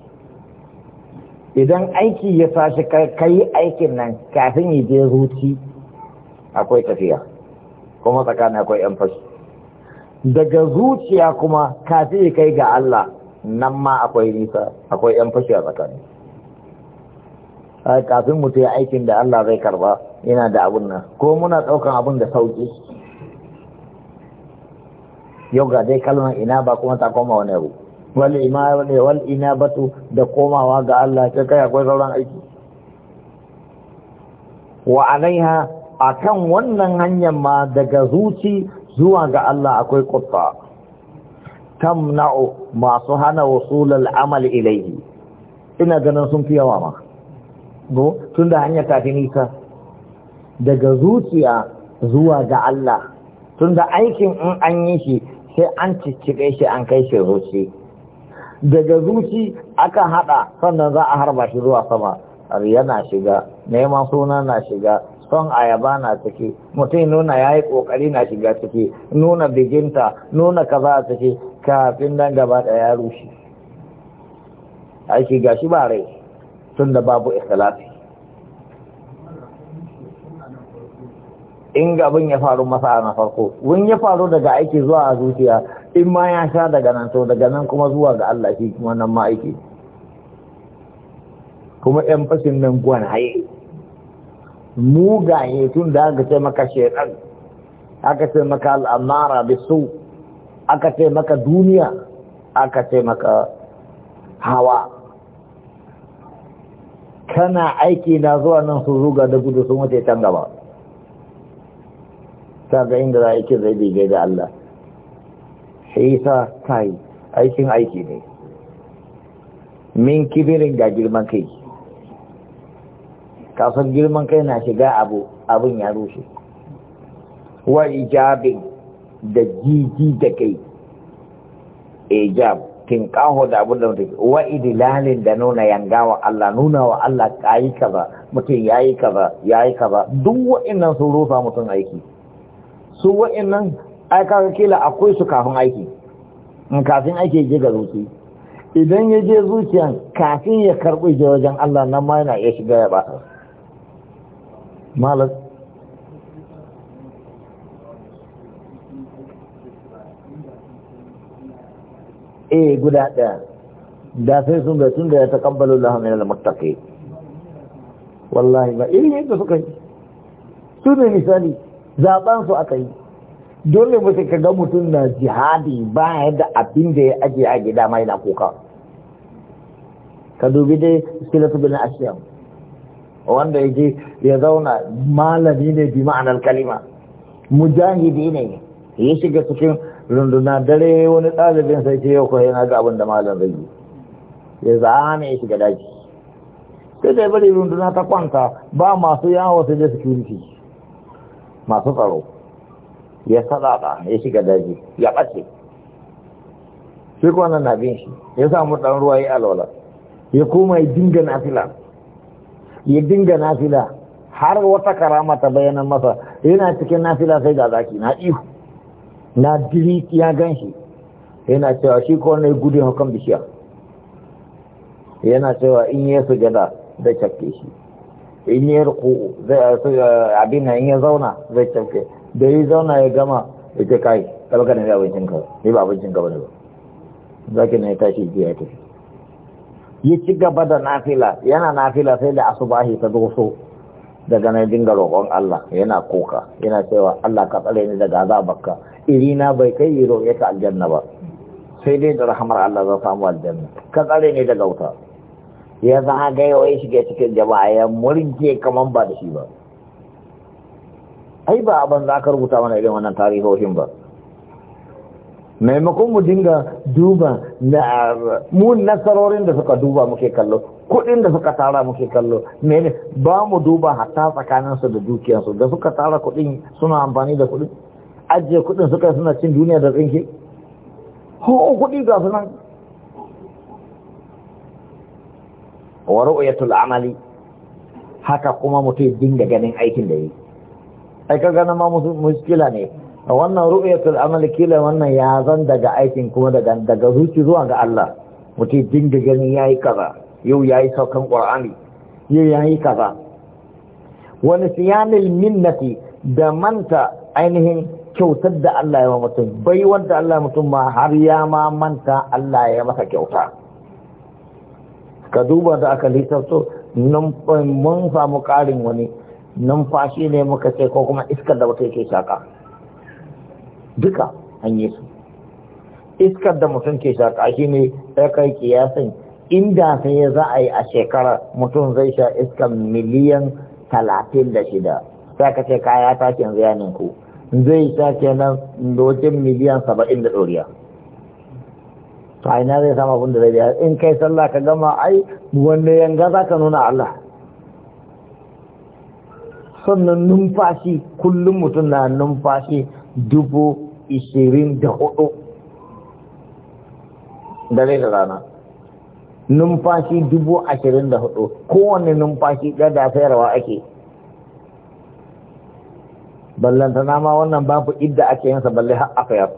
Speaker 2: idan aiki ya sashi ka yi aikin nan kafin ya je zuci akwai tafiya kuma tsakanin akwai yan fashi daga zuciya kuma kafin ya kai ga Allah nan ma akwai nisa akwai yan fashi a tsakani kafin mutu ya aikin da Allah zai karba yana da abun nan ko muna ɗaukan abun da sauƙi yau ga dai kalmar ina ba kuma ta koma wani abu wani ima wani ina batu da komawa ga Allah sai kai akwai sauran aiki wa alaiha kan wannan hanyar ma daga zuci zuwa ga Allah akwai Kam na'u masu hana wasular amal ilaihi ina ganin sun fi yawa ma go tunda hanya ta fi nisa daga zuciya zuwa ga Allah tunda aikin in an yi shi sai an cicciɓe shi an kai shi zuci daga zuci akan haɗa sannan za a harba shi zuwa sama na shiga neman suna na shiga son ayaba na ciki mutum nuna ya yi ƙoƙari na shiga ciki nuna biginta nuna kaza a ciki kafin nan gaba da ya rushe aiki shi ba rai tun da babu ikhlasi in ga abin ya faru masa na farko wun ya faru daga aiki zuwa a zuciya in ma ya sha daga nan to daga nan kuma zuwa ga Allah shi kuma nan ma aiki kuma yan fashin nan gwan haye yi tun da aka ce maka shekar aka ce maka al'amara su aka ce maka duniya aka ce maka hawa kana aiki na zuwa nan su zuga da gudu sun wuce can gaba kaga inda za a zai bege da Allah sai sa kai aikin aiki ne min kibirin ga girman kai kafin girman kai na shiga abu abin ya rushe wa ijabin da jiji da kai ijab kin kaho da abin da mutum wa idilalin da nuna yanga wa Allah nuna wa Allah kayi kaza mutum yayi kaza yayi kaza duk wa'annan sun rufa mutum aiki su wa'in nan aikawa kila akwai su kafin aiki in kafin aiki je ga zuci idan ya je zuciyan kafin ya karɓi je wajen Allah nan ma yana iya shiga ya ba malas E, eh, guda ɗaya da sai sun da tun da ya taƙambalo lahu min al-muttaqi wallahi ba irin yadda suka yi su ne misali zaben su aka yi dole mu ka ga mutum na jihadi ba da abin da ya aje a gida ma yana kuka ka dubi dai silatu bin asiyam wanda ya je ya zauna malami ne bi ma'anar kalima mujahidi ne ya shiga cikin runduna dare wani ɗalibin sai ce yau yana ga abin da malam zai yi ya zame ya shiga daji sai da bari runduna ta kwanta ba masu yawon sai da security masu tsaro ya sadaka ya shiga daji ya ɓace sai kwanan na bin shi ya samu ɗan ruwa ya alwala ya koma ya dinga nafila ya dinga nafila har wata karama ta bayanan masa yana cikin nafila sai ga zaki na ihu na diri ya gan shi yana cewa shi ko wani gudun hukan bishiya yana cewa in ya sujada da cakke shi in yi ruku eh, abin in ya zauna zai cauke da ya zauna ya gama ya ce kai kalbaka ne abincin abincinka ne ba abincin ba ne ba ki na ya tashi ji ya tafi Yi ci gaba da nafila yana nafila sai da asubahi ta doso daga na dinga roƙon Allah yana koka yana cewa Allah ka tsare ni daga azabarka irina bai kai yi roƙe ka aljanna ba sai dai da rahamar Allah za samu aljanna ka tsare ni daga wuta ya zagayo ya shiga cikin jama'a ya murinke kaman ba da shi ba ai ba abin za ka rubuta mana irin wannan tarihohin ba maimakon mu dinga duba na mu nasarorin da suka duba muke kallo kudin da suka tara muke kallo mene ba mu duba hatta tsakaninsu da dukiyarsu da suka tara kudin suna amfani da kudin ajiye kudin suka suna cin duniya da tsinke ho kudi ga sunan wa ru'yatul amali haka kuma mutum dinga ganin aikin da yi ai ka gana ma muskila ne wannan ru'yatul amali kila wannan ya zan daga aikin kuma daga daga zuci zuwa ga Allah mutum dinga ganin yayi kaza yau yayi saukan qur'ani yau yayi kaza wani siyanil minnati da manta ainihin kyautar da Allah ya mutum bai wanda Allah mutum ma har ya ma manta Allah ya masa kyauta ka duba da aka lissafto eh, mun samu ƙarin wani numfashi ne muka ce ko kuma iskar da wata yake shaƙa duka an yi su iskar da mutum ke shaƙa shi ne ya kiyasin inda sai za a yi a shekara mutum zai sha iskar miliyan talatin da shida sai ka ce kaya ta ke ku zai sha kenan lokacin miliyan saba'in da ɗoriya to a zai sama abin da zai biya in kai sallah ka gama ai wanda yanga za ka nuna Allah sannan numfashi kullum mutum na numfashi dubu ishirin da hudu dare da rana numfashi dubu ashirin da hudu kowane numfashi ɗaya da sayarwa ake ballantana ma wannan babu idda ake yansa balle har a fayar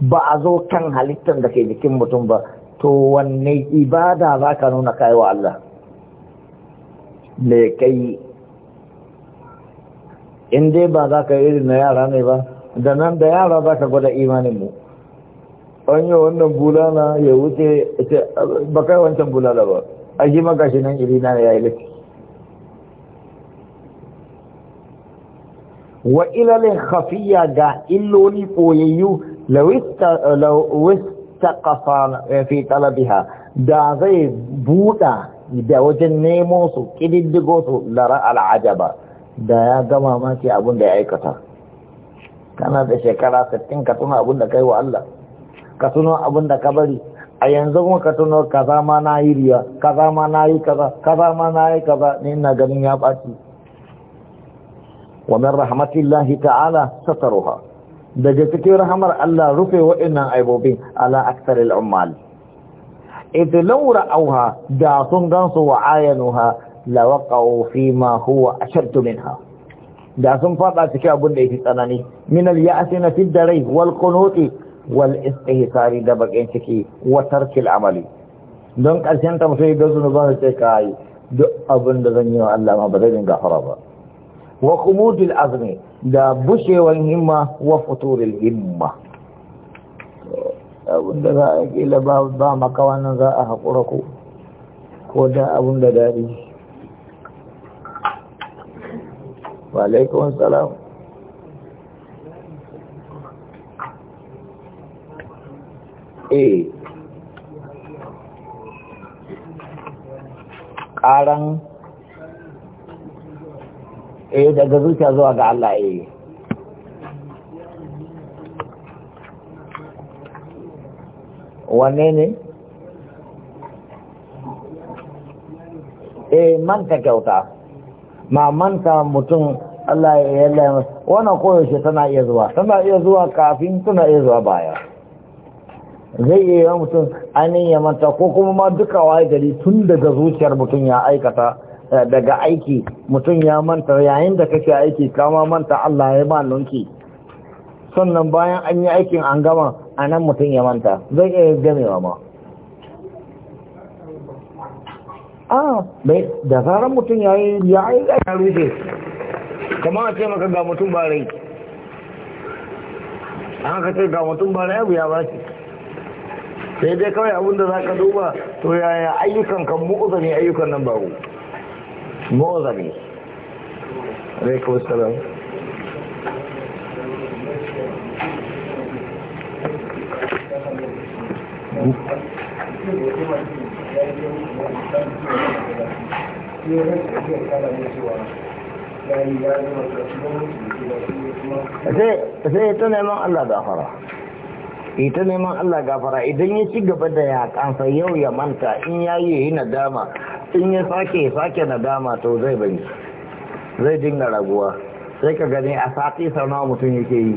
Speaker 2: ba a zo kan halittar da ke jikin mutum ba to wanne ibada za ka nuna kai wa Allah me kai in dai ba za ka irin na yara ne ba da nan da yara za ka gwada imanin mu an yi wannan bulala ya wuce ba kai wancan bulala ba a ji magashi shi nan irina ya yi laifi. wa ilalin hafiya ga illoli koyayyu lawistakafa fi talabiha da zai buɗa da wajen nemo su ƙididdigo su lara al'ajaba da ya gama maki abin da ya aikata kana da shekara 60 ka tuna abin da kai wa Allah ka tuno abin da ka bari a yanzu kuma ka tuno kaza ma na yi riya kaza ma na yi kaza kaza ma na yi kaza ne ina ganin ya ɓaci wa min rahmatillahi ta'ala sataruha daga cikin rahamar Allah rufe waɗannan aibobin ala aktaril ummal ita laura auha da sun gansu wa ayanuha la waqa'u fi ma huwa ashartu minha da sun fada cikin abin da yake tsanani min al ya'si na fi darai wal qunuti wal istihsari da bakin ciki wa tarkil amali don karshen ta mutum da zunuban sai kai duk abin da zan yi wa Allah ma ba zan ga ba wa kumudul azmi da bushewar himma wa futurul himma abinda za a kila ba maka wannan za a haƙura ko ko da abin da daɗi walaikun salam eh ƙaran eh daga zuciya zuwa ga Allah eh wanne ne eh manta kyauta ma manta mutum Allah ya yalla wannan koyaushe tana iya zuwa tana iya zuwa kafin tana iya zuwa baya zai iya yi mutum ainihin ya manta ko kuma ma duka wa gari tun daga zuciyar mutum ya aikata daga aiki mutum ya manta yayin da kake aiki kama manta Allah ya ba nunki sannan bayan an yi aikin an gama a nan mutum ya manta zai iya gamewa ma a bai da zarar mutum ya yi ya yi ya rufe kama a ce maka ga mutum ba rai an ka ce ga mutum ba rai abu ya ba shi sai dai kawai abinda za ka duba to yaya ayyukan kan
Speaker 1: mu'uzani ayyukan nan ba ku
Speaker 2: mozari alaikun Allah da ita neman Allah gafara idan ya ci gaba da yakansa yau ya manta in ya yi yi nadama in ya sake sake nadama to zai bari zai dinga raguwa sai ka gani a sati sana mutum yake yi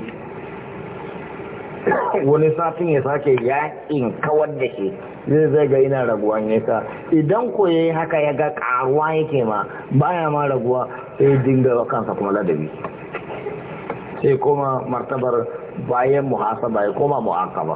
Speaker 2: *coughs* wani satin ya sake yakin kawar da shi zai zai ga ina raguwa ne idan ko yayi haka ya ga karuwa yake ma baya ma raguwa sai dinga kansa kuma ladabi sai kuma martabar bayan muhasaba ya koma mu'aqaba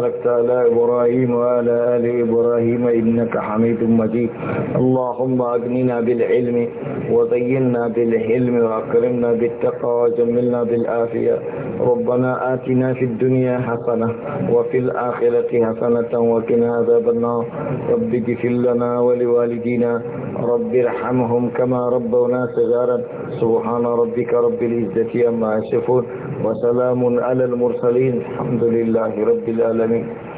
Speaker 1: باركت على إبراهيم وعلى آل إبراهيم إنك حميد مجيد اللهم أغننا بالعلم وزينا بالحلم وأكرمنا بالتقوى وجملنا بالآفية ربنا آتنا في الدنيا حسنة وفي الآخرة حسنة وقنا عذاب النار رب اغفر لنا ولوالدينا رب ارحمهم كما ربونا صغارا سبحان ربك رب العزة عما يصفون وسلام على المرسلين الحمد لله رب العالمين العالمين